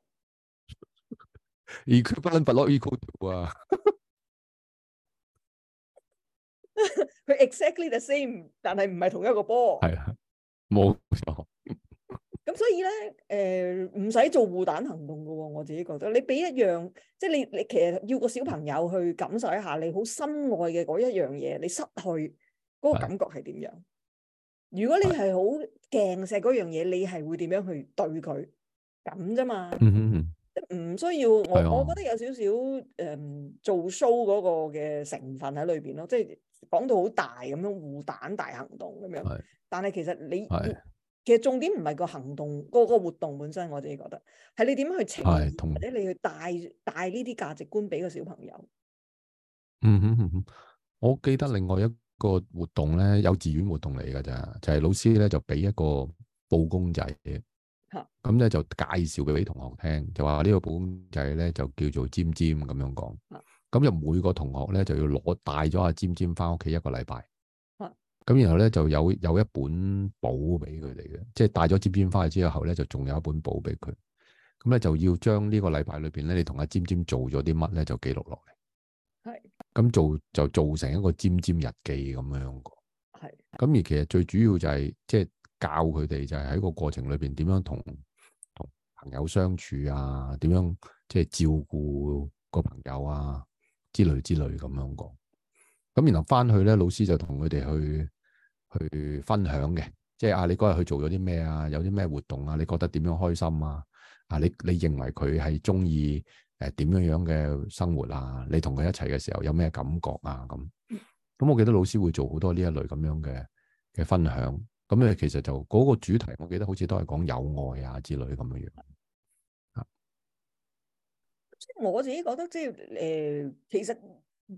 Equal but not equal 啊！佢 exactly the same，但係唔係同一個波。係啦，冇錯。咁所以咧，誒唔使做護蛋行動嘅喎，我自己覺得你俾一樣，即係你你其實要個小朋友去感受一下，你好心愛嘅嗰一樣嘢，你失去嗰個感覺係點樣？如果你係好勁錫嗰樣嘢，你係會點樣去對佢咁啫嘛？嗯嗯嗯，即、hmm. 唔需要我，Yeah. 我覺得有少少誒做 show 嗰個嘅成分喺裏邊咯，即係講到好大咁樣護蛋大行動咁樣。係、mm，hmm. 但係其實你，mm hmm. 其實重點唔係個行動，嗰、嗰個活動本身，我自己覺得係你點樣去呈，mm hmm. 或者你去帶帶呢啲價值觀俾個小朋友。嗯嗯嗯，hmm. 我記得另外一個活動咧，幼稚園活動嚟噶咋？就係、是、老師咧就俾一個布公仔，咁咧的就介紹俾同學聽，就話呢個布公仔咧就叫做尖尖咁樣講。咁的就每個同學咧就要攞帶咗阿尖尖翻屋企一個禮拜。咁的然後咧就有有一本簿俾佢哋嘅，即係帶咗尖尖翻去之後咧就仲有一本簿俾佢。咁咧就要將呢個禮拜裏邊咧你同阿、啊、尖尖做咗啲乜咧就記錄落嚟。係。咁做就做成一個尖尖日記咁樣個，係咁嘅。而其實最主要就係即係教佢哋就係喺個過程裏邊點樣同同朋友相處啊，點樣即係照顧個朋友啊之類之類咁樣講。咁然後翻去咧，老師就同佢哋去去分享嘅，即係啊，你嗰日去做咗啲咩啊？有啲咩活動啊？你覺得點樣開心啊？啊，你你認為佢係中意？誒，點樣樣嘅生活啊？你同佢一齊嘅時候有咩感覺啊？咁，咁我記得老師會做好多呢一類咁樣嘅嘅分享。咁咧，其實就嗰、那個主題，我記得好似都係講友愛啊之類咁樣樣。即係、嗯嗯、我自己覺得，即係誒、呃，其實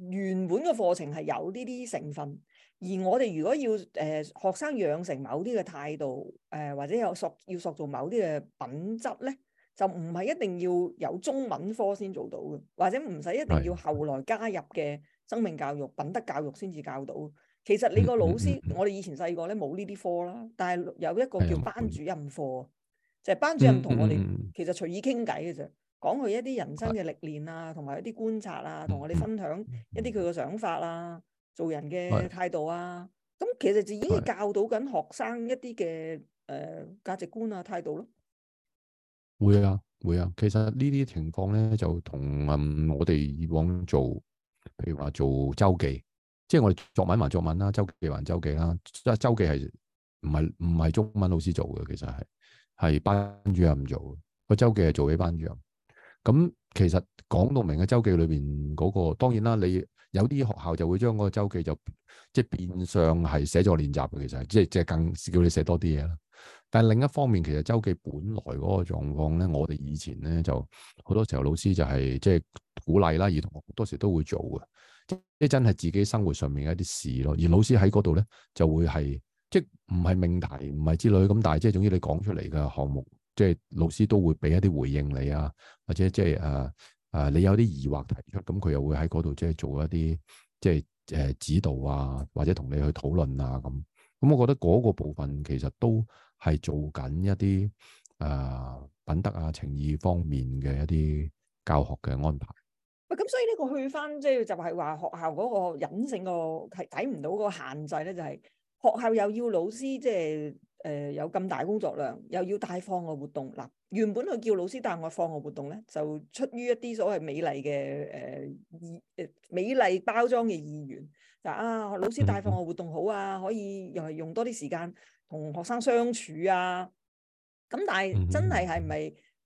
原本嘅課程係有呢啲成分，而我哋如果要誒、呃、學生養成某啲嘅態度，誒、呃、或者有塑要塑造某啲嘅品質咧。就唔係一定要有中文科先做到嘅，或者唔使一定要後來加入嘅生命教育、品德教育先至教到。其實你個老師，嗯嗯嗯、我哋以前細個咧冇呢啲科啦，但係有一個叫班主任課，就係、係、班主任同我哋其實隨意傾偈嘅啫，講佢、嗯嗯、一啲人生嘅歷練啊，同埋、嗯、一啲觀察啊，同我哋分享一啲佢嘅想法啊、做人嘅態度啊，咁、嗯嗯嗯、其實就已經教到緊學生一啲嘅誒價值觀啊、態度咯。會啊，會啊，其實呢啲情況咧就同啊、嗯、我哋以往做，譬如話做周記，即係我哋作文還作文啦，周記還周記啦，即係周記係唔係唔係中文老師做嘅，其實係係班主任做，個周記係做俾班主任。咁、嗯、其實講到明嘅周記裏邊嗰、那個，當然啦，你有啲學校就會將嗰個周記就即係、就是、變相係寫作練習嘅，其實即係即係更叫你寫多啲嘢啦。但係另一方面，其實周記本來嗰個狀況咧，我哋以前咧就好多時候老師就係即係鼓勵啦，而同學好多時都會做嘅，即係真係自己生活上面嘅一啲事咯。而老師喺嗰度咧就會係即唔係命題唔係之類咁，但係即係總之你講出嚟嘅項目，即係老師都會俾一啲回應你啊，或者即係誒誒，你有啲疑惑提出咁，佢又會喺嗰度即係做一啲即係誒指導啊，或者同你去討論啊咁。咁我覺得嗰個部分其實都係做緊一啲啊、呃、品德啊情意方面嘅一啲教學嘅安排。咁所以呢個去翻即係就係、係、話學校嗰個隱性、嗰個係睇唔到個限制咧，就係、係、學校又要老師即係誒有咁大工作量，又要帶放學活動。嗱、呃，原本佢叫老師帶我放學活動咧，就出於一啲所謂美麗嘅誒意誒美麗包裝嘅意願。嗱、就是、啊，老師帶放學活動好啊， 可以又係用多啲時間。同學生相處啊，咁但係真係係咪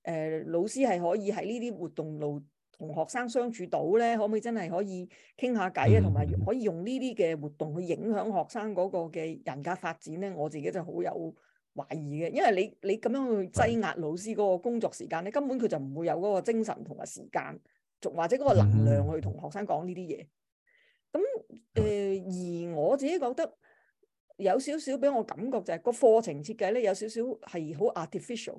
誒老師係可以喺呢啲活動度同學生相處到咧？可唔可以真係可以傾下偈啊？同埋可以用呢啲嘅活動去影響學生嗰個嘅人格發展咧？我自己就好有懷疑嘅，因為你你咁樣去擠壓老師嗰個工作時間咧，根本佢就唔會有嗰個精神同埋時間，仲或者嗰個能量去同學生講呢啲嘢。咁誒、呃，而我自己覺得。有少少俾我感覺就係個課程設計咧，有少少係好 artificial。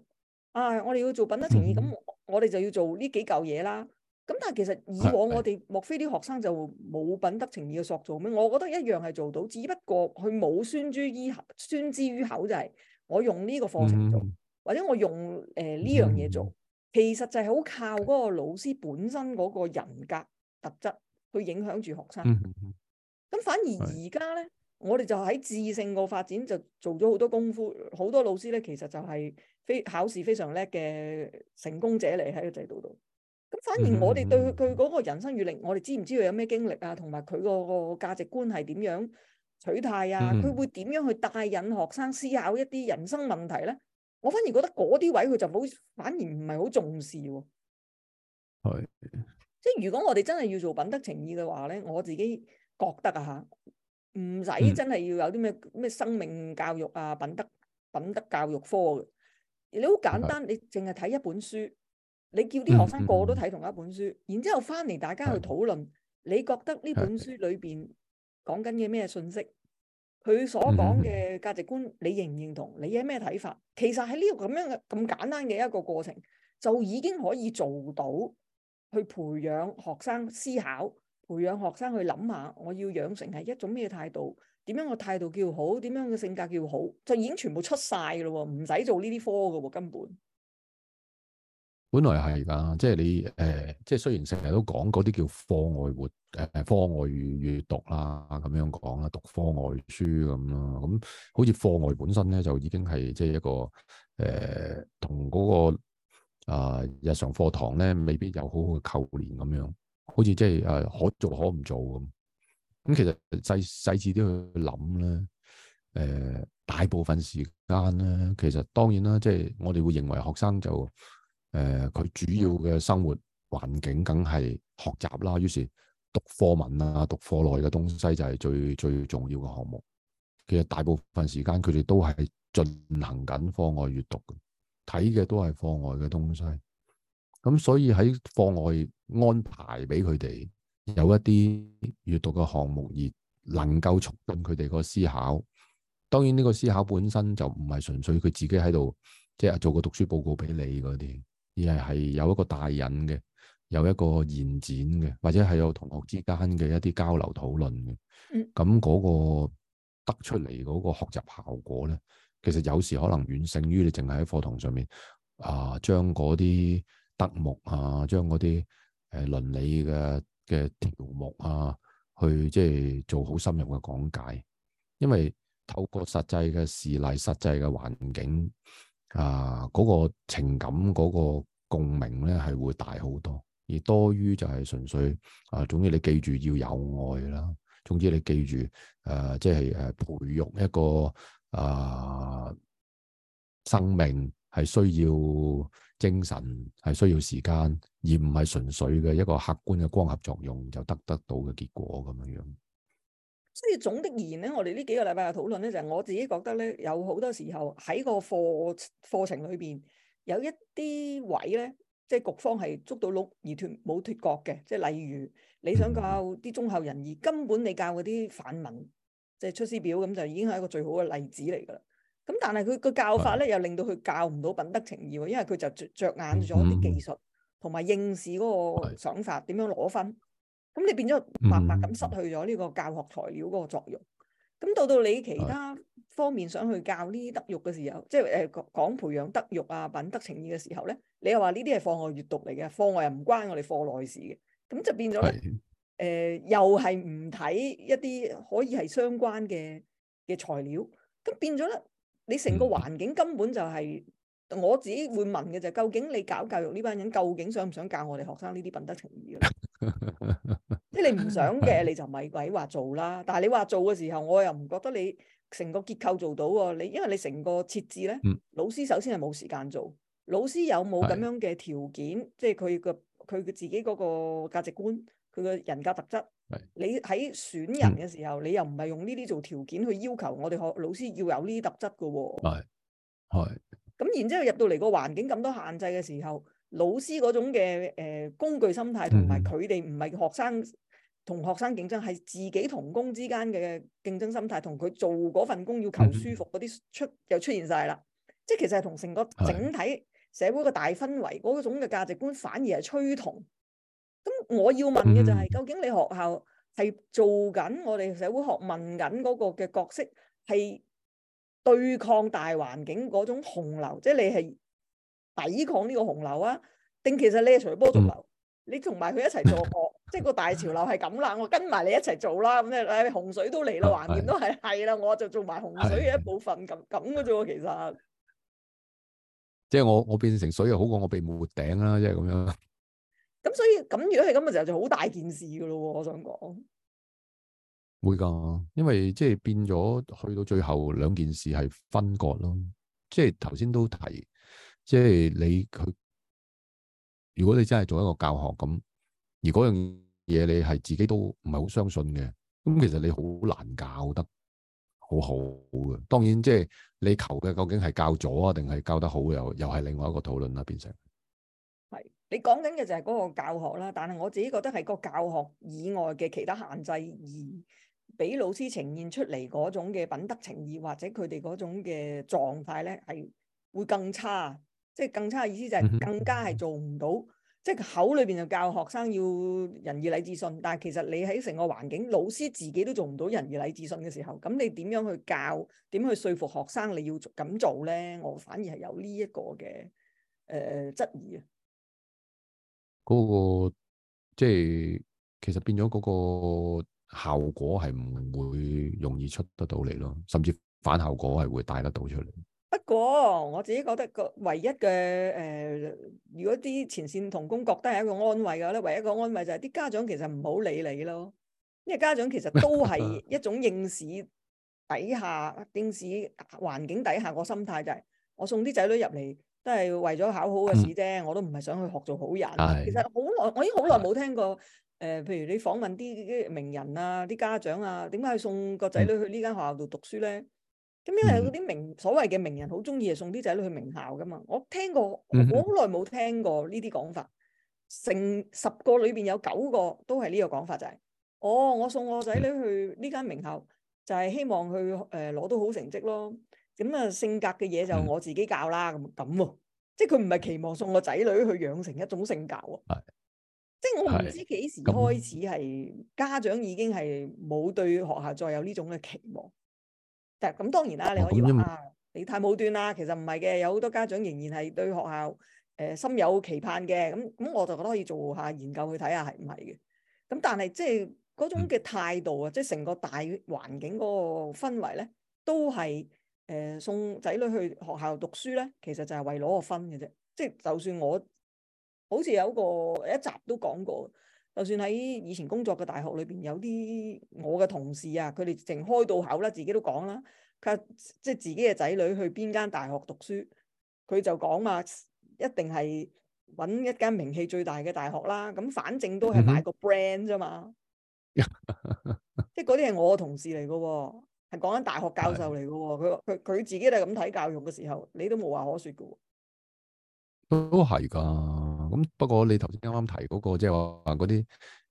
啊，我哋要做品德情義，咁、嗯、哼我哋就要做呢幾嚿嘢啦。咁但係其實以往我哋，莫非啲學生就冇品德情義嘅塑造咩？我覺得一樣係做到，只不過佢冇宣之於口，宣之於口就係我用呢個課程做，嗯、哼或者我用誒呢、呃、樣嘢做。嗯、哼其實就係好靠嗰個老師本身嗰個人格特質去影響住學生。咁、嗯、哼反而而家咧。嗯我哋就喺智性個發展就做咗好多功夫，好多老師咧，其實就係非考試非常叻嘅成功者嚟喺個制度度。咁反而我哋對佢嗰個人生閱歷，嗯、我哋知唔知佢有咩經歷啊？同埋佢個個價值觀係點樣取態啊？佢、嗯、會點樣去帶引學生思考一啲人生問題咧？我反而覺得嗰啲位佢就冇，反而唔係好重視，啊。係的，即係如果我哋真係要做品德情意嘅話咧，我自己覺得啊吓。唔使真係要有啲咩咩生命教育啊，品德品德教育科嘅。你好簡單，的你淨係睇一本書，你叫啲學生個個都睇同一本書，的然之後翻嚟大家去討論，你覺得呢本書裏邊講緊嘅咩訊息，佢的所講嘅價值觀，你認唔認同，你有咩睇法？其實喺呢個咁樣嘅咁簡單嘅一個過程，就已經可以做到去培養學生思考。培養學生去諗下，我要養成係一種咩態度？點樣個態度叫好？點樣嘅性格叫好？就已經全部出晒噶咯，唔使做呢啲科噶喎，根本。本來係噶，即係你誒，即係雖然成日都講嗰啲叫課外活，誒，課外閱讀啦，咁樣講啦，讀課外書咁咯，咁好似課外本身咧就已經係即係一個誒，同、呃、嗰、嗰個啊、呃、日常課堂咧未必有好好嘅扣連咁樣。好似即係誒，可做可唔做咁？咁、嗯、其實細細緻啲去諗啦。誒、呃，大部分時間咧，其實當然啦，即、就、係、是、我哋會認為學生就誒，佢、呃，主要嘅生活環境梗係學習啦。於是讀課文啊，讀課內嘅東西就係最最重要嘅項目。其實大部分時間佢哋都係進行緊課外閱讀，睇嘅都係課外嘅東西。咁、嗯、所以喺課外安排俾佢哋有一啲閱讀嘅項目，而能夠促進佢哋個思考。當然呢個思考本身就唔係純粹佢自己喺度，即、就、係、是、做個讀書報告俾你嗰啲，而係係有一個帶引嘅，有一個延展嘅，或者係有同學之間嘅一啲交流討論嘅。咁嗰個得出嚟嗰個學習效果咧，其實有時可能遠勝於你淨係喺課堂上面啊，將嗰啲德目啊，將嗰啲誒倫理嘅嘅條目啊，去即係、就是、做好深入嘅講解，因為透過實際嘅事例、實際嘅環境啊，嗰、那個情感嗰、那個共鳴咧係會大好多，而多於就係純粹啊。總之你記住要有愛啦，總之你記住誒，即係誒培育一個啊生命係需要。精神係需要時間，而唔係純粹嘅一個客觀嘅光合作用就得得到嘅結果咁樣樣。所以總的而言咧，我哋呢幾個禮拜嘅討論咧，就係我自己覺得咧，有好多時候喺個課課程裏邊，有一啲位咧，即係局方係捉到鹿而脫冇脫角嘅。即係例如你想教啲忠厚仁義，而根本你教嗰啲範文，即係出師表咁，就已經係一個最好嘅例子嚟噶啦。咁但係佢個教法咧，又令到佢教唔到品德情義喎，的因為佢就着眼咗啲技術同埋應試嗰個想法，點的樣攞分？咁你變咗白白咁失去咗呢個教學材料嗰個作用。咁到的到你其他方面想去教呢啲德育嘅時候，的即係誒講培養德育啊、品德情義嘅時候咧，你又話呢啲係課外閱讀嚟嘅，課外又唔關我哋課內事嘅，咁就變咗誒的、呃、又係唔睇一啲可以係相關嘅嘅材料，咁變咗咧。你成個環境根本就係、是、我自己會問嘅就係，究竟你搞教育呢班人究竟想唔想教我哋學生呢啲品德情意 即係你唔想嘅你就咪鬼話做啦。但係你話做嘅時候，我又唔覺得你成個結構做到喎。你因為你成個設置咧，嗯、老師首先係冇時間做，老師有冇咁樣嘅條件？是即係佢個佢嘅自己嗰個價值觀，佢嘅人格特質。你喺選人嘅時候，嗯、你又唔係用呢啲做條件去要求我哋學老師要有呢啲特質嘅、哦，係係咁，嗯嗯、然之後入到嚟，個環境咁多限制嘅時候，老師嗰種嘅誒、呃、工具心態同埋佢哋唔係學生同學生競爭，係自己同工之間嘅競爭心態，同佢做嗰份工要求舒服嗰啲出、嗯、又出現晒啦，即係其實係同成個整體社會個大氛圍嗰、嗯嗯、種嘅價值觀反而係趨同。咁我要問嘅就係、是，究竟你學校係做緊我哋社會學問緊嗰個嘅角色，係對抗大環境嗰種洪流，即係你係抵抗呢個洪流啊？定其實你係隨波逐流？嗯、你同埋佢一齊做， 即係個大潮流係咁啦，我跟埋你一齊做啦。咁咧，誒，洪水都嚟啦，橫掂都係係啦，我就做埋洪水嘅一部分咁咁嘅啫。其實即係我我變成水又好過我被沒頂啦，即係咁樣。咁所以咁，如果係咁嘅時候，就好大件事噶咯喎！我想講會㗎，因為即係變咗去到最後兩件事係分割咯。即係頭先都提，即係你佢，如果你真係做一個教學咁，那而嗰樣嘢你係自己都唔係好相信嘅，咁其實你好難教得好，好好嘅。當然即係你求嘅究竟係教咗啊，定係教得好又又係另外一個討論啦，變成。你講緊嘅就係嗰個教學啦，但係我自己覺得係個教學以外嘅其他限制，而俾老師呈現出嚟嗰種嘅品德情意或者佢哋嗰種嘅狀態咧，係會更差，即係更差嘅意思就係更加係做唔到。即係口裏邊就教學生要仁義禮智信，但係其實你喺成個環境，老師自己都做唔到仁義禮智信嘅時候，咁你點樣去教？點去說服學生你要咁做咧？我反而係有呢一個嘅誒質疑啊！嗰、那個即係其實變咗嗰個效果係唔會容易出得到嚟咯，甚至反效果係會帶得到出嚟。不過我自己覺得個唯一嘅誒、呃，如果啲前線同工覺得係一個安慰嘅咧，唯一個安慰就係啲家長其實唔好理你咯，因為家長其實都係一種應試底下 應試環境底下個心態就係、是，我送啲仔女入嚟。都係為咗考好嘅事啫，嗯、我都唔係想去學做好人。是其實好耐，我已經好耐冇聽過誒的、呃，譬如你訪問啲名人啊、啲家長啊，點解送個仔女去呢間學校度讀書咧？咁、嗯、因為有啲名所謂嘅名人好鍾意係送啲仔女去名校㗎嘛。我聽過，我好耐冇聽過呢啲講法，嗯、哼成十個裏邊有九個都係呢個講法就係、是，哦，我送我仔女去呢間名校，嗯、就係希望佢誒攞到好成績咯。咁啊，性格嘅嘢就我自己教啦。咁咁的、啊、即係佢唔係期望送個仔女去養成一種性格喎、啊。係的，即係我唔知幾時開始係家長已經係冇對學校再有呢種嘅期望。的但係咁當然啦、啊，你可以話、哦啊、你太武斷啦。其實唔係嘅，有好多家長仍然係對學校誒心、呃、有期盼嘅。咁咁，我就覺得可以做下研究去睇下係唔係嘅。咁但係即係嗰種嘅態度啊，即係成、嗯、個大環境嗰個氛圍咧，都係。誒、呃，送仔女去學校讀書咧，其實就係為攞個分嘅啫。即係就算我，好似有一個一集都講過，就算喺以前工作嘅大學裏邊，有啲我嘅同事啊，佢哋淨開到口啦，自己都講啦。佢即係自己嘅仔女去邊間大學讀書，佢就講話，一定係搵一間名氣最大嘅大學啦。咁反正都係買個 brand 啫嘛。 即係嗰啲係我嘅同事嚟嘅、啊。講緊大學教授嚟嘅，哦，佢佢佢自己都係咁睇教育嘅時候，你都冇話可說嘅，哦，都係噶。咁不過你頭先啱啱提嗰個，即係話嗰啲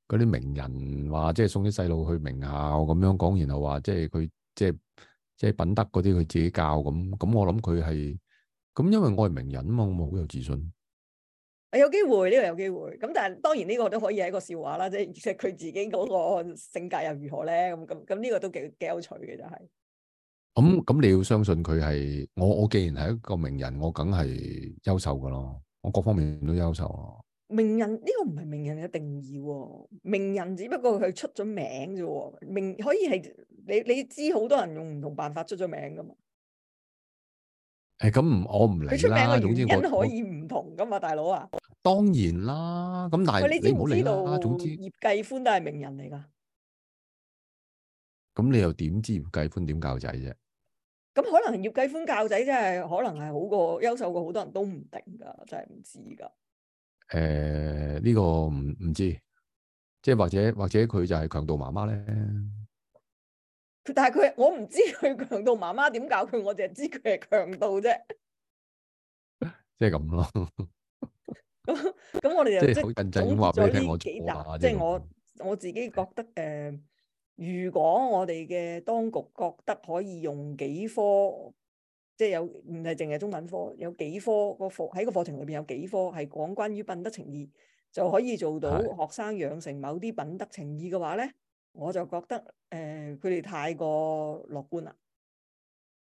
啲名人話，即係送啲細路去名校咁樣講，然後話即係佢即係即係品德嗰啲，佢自己教咁。咁我諗佢係咁，因為我係名人啊嘛，我冇好有自信。誒，有機會呢個有機會，咁但係當然呢個都可以係一個笑話啦，即係即係佢自己嗰個性格又如何咧？咁咁咁呢個都幾幾有趣嘅，就係。咁咁你要相信佢係我我既然係一個名人，我梗係優秀噶咯，我各方面都優秀咯。名人呢個唔係名人嘅定義喎，名人只不過佢出咗名啫。名可以係你你知好多人用唔同辦法出咗名噶嘛。誒，咁唔我唔理啦。原因可以唔同噶嘛，大佬啊。當然啦，咁但係你唔好理啦。總之，葉繼歡都係名人嚟噶。咁你又點知葉繼歡點教仔啫？咁可能葉繼歡教仔真係可能係好過優秀過好多人都唔定噶，真係唔知噶。誒、呃、呢、這個唔唔知，即係或者或者佢就係強盜媽媽咧。但係佢，我唔知佢強盜媽媽點教佢，我淨係知佢係強盜啫。即係咁咯。咁，咁我哋就即係總結咗呢幾大，即係我我自己覺得誒，如果我哋嘅當局覺得可以用幾科，即係有唔係淨係中文科，有幾科個課喺個課程裏邊有幾科係講關於品德情義，就可以做到學生養成某啲品德情義嘅話咧，我就覺得誒，佢哋太過樂觀啦。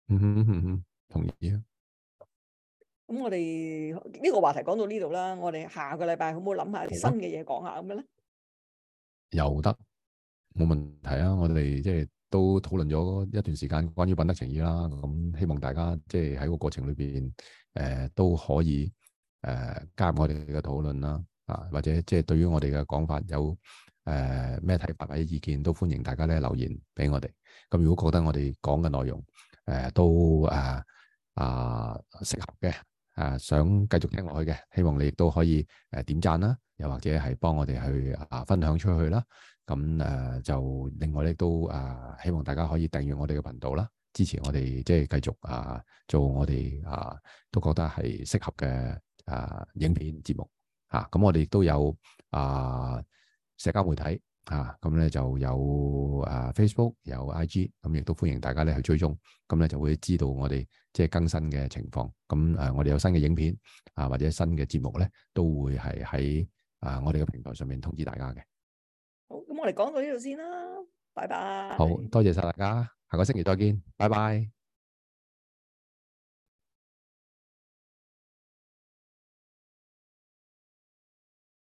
嗯嗯 嗯嗯，同意啊。咁我哋呢個話題講到呢度啦，我哋下個禮拜可唔可以諗下新嘅嘢講下咁樣咧？又得冇問題啊！我哋即係都討論咗一段時間關於品德情義啦。咁希望大家即係喺個過程裏邊誒都可以誒、呃、加入我哋嘅討論啦。啊，或者即係對於我哋嘅講法有誒咩睇法或者意見，都歡迎大家咧留言俾我哋。咁如果覺得我哋講嘅內容誒、呃、都誒、呃、啊，啊適合嘅。誒、呃，想繼續聽落去嘅，希望你亦都可以誒、呃、點讚啦，又或者係幫我哋去啊、呃、分享出去啦。咁誒、呃、就另外咧都誒、呃、希望大家可以訂閱我哋嘅頻道啦，支持我哋即係繼續啊、呃、做我哋啊、呃、都覺得係適合嘅啊、呃、影片節目吓。咁、啊嗯、我哋亦都有啊、呃、社交媒體。啊，咁咧就有啊 Facebook，有 IG，咁亦都歡迎大家咧去追蹤，咁咧就會知道我哋即係更新嘅情況。咁誒、啊，我哋有新嘅影片啊，或者新嘅節目咧，都會係喺啊我哋嘅平台上面通知大家嘅。好，咁我哋講到呢度先啦，拜拜。好多謝晒大家，下個星期再見，拜拜。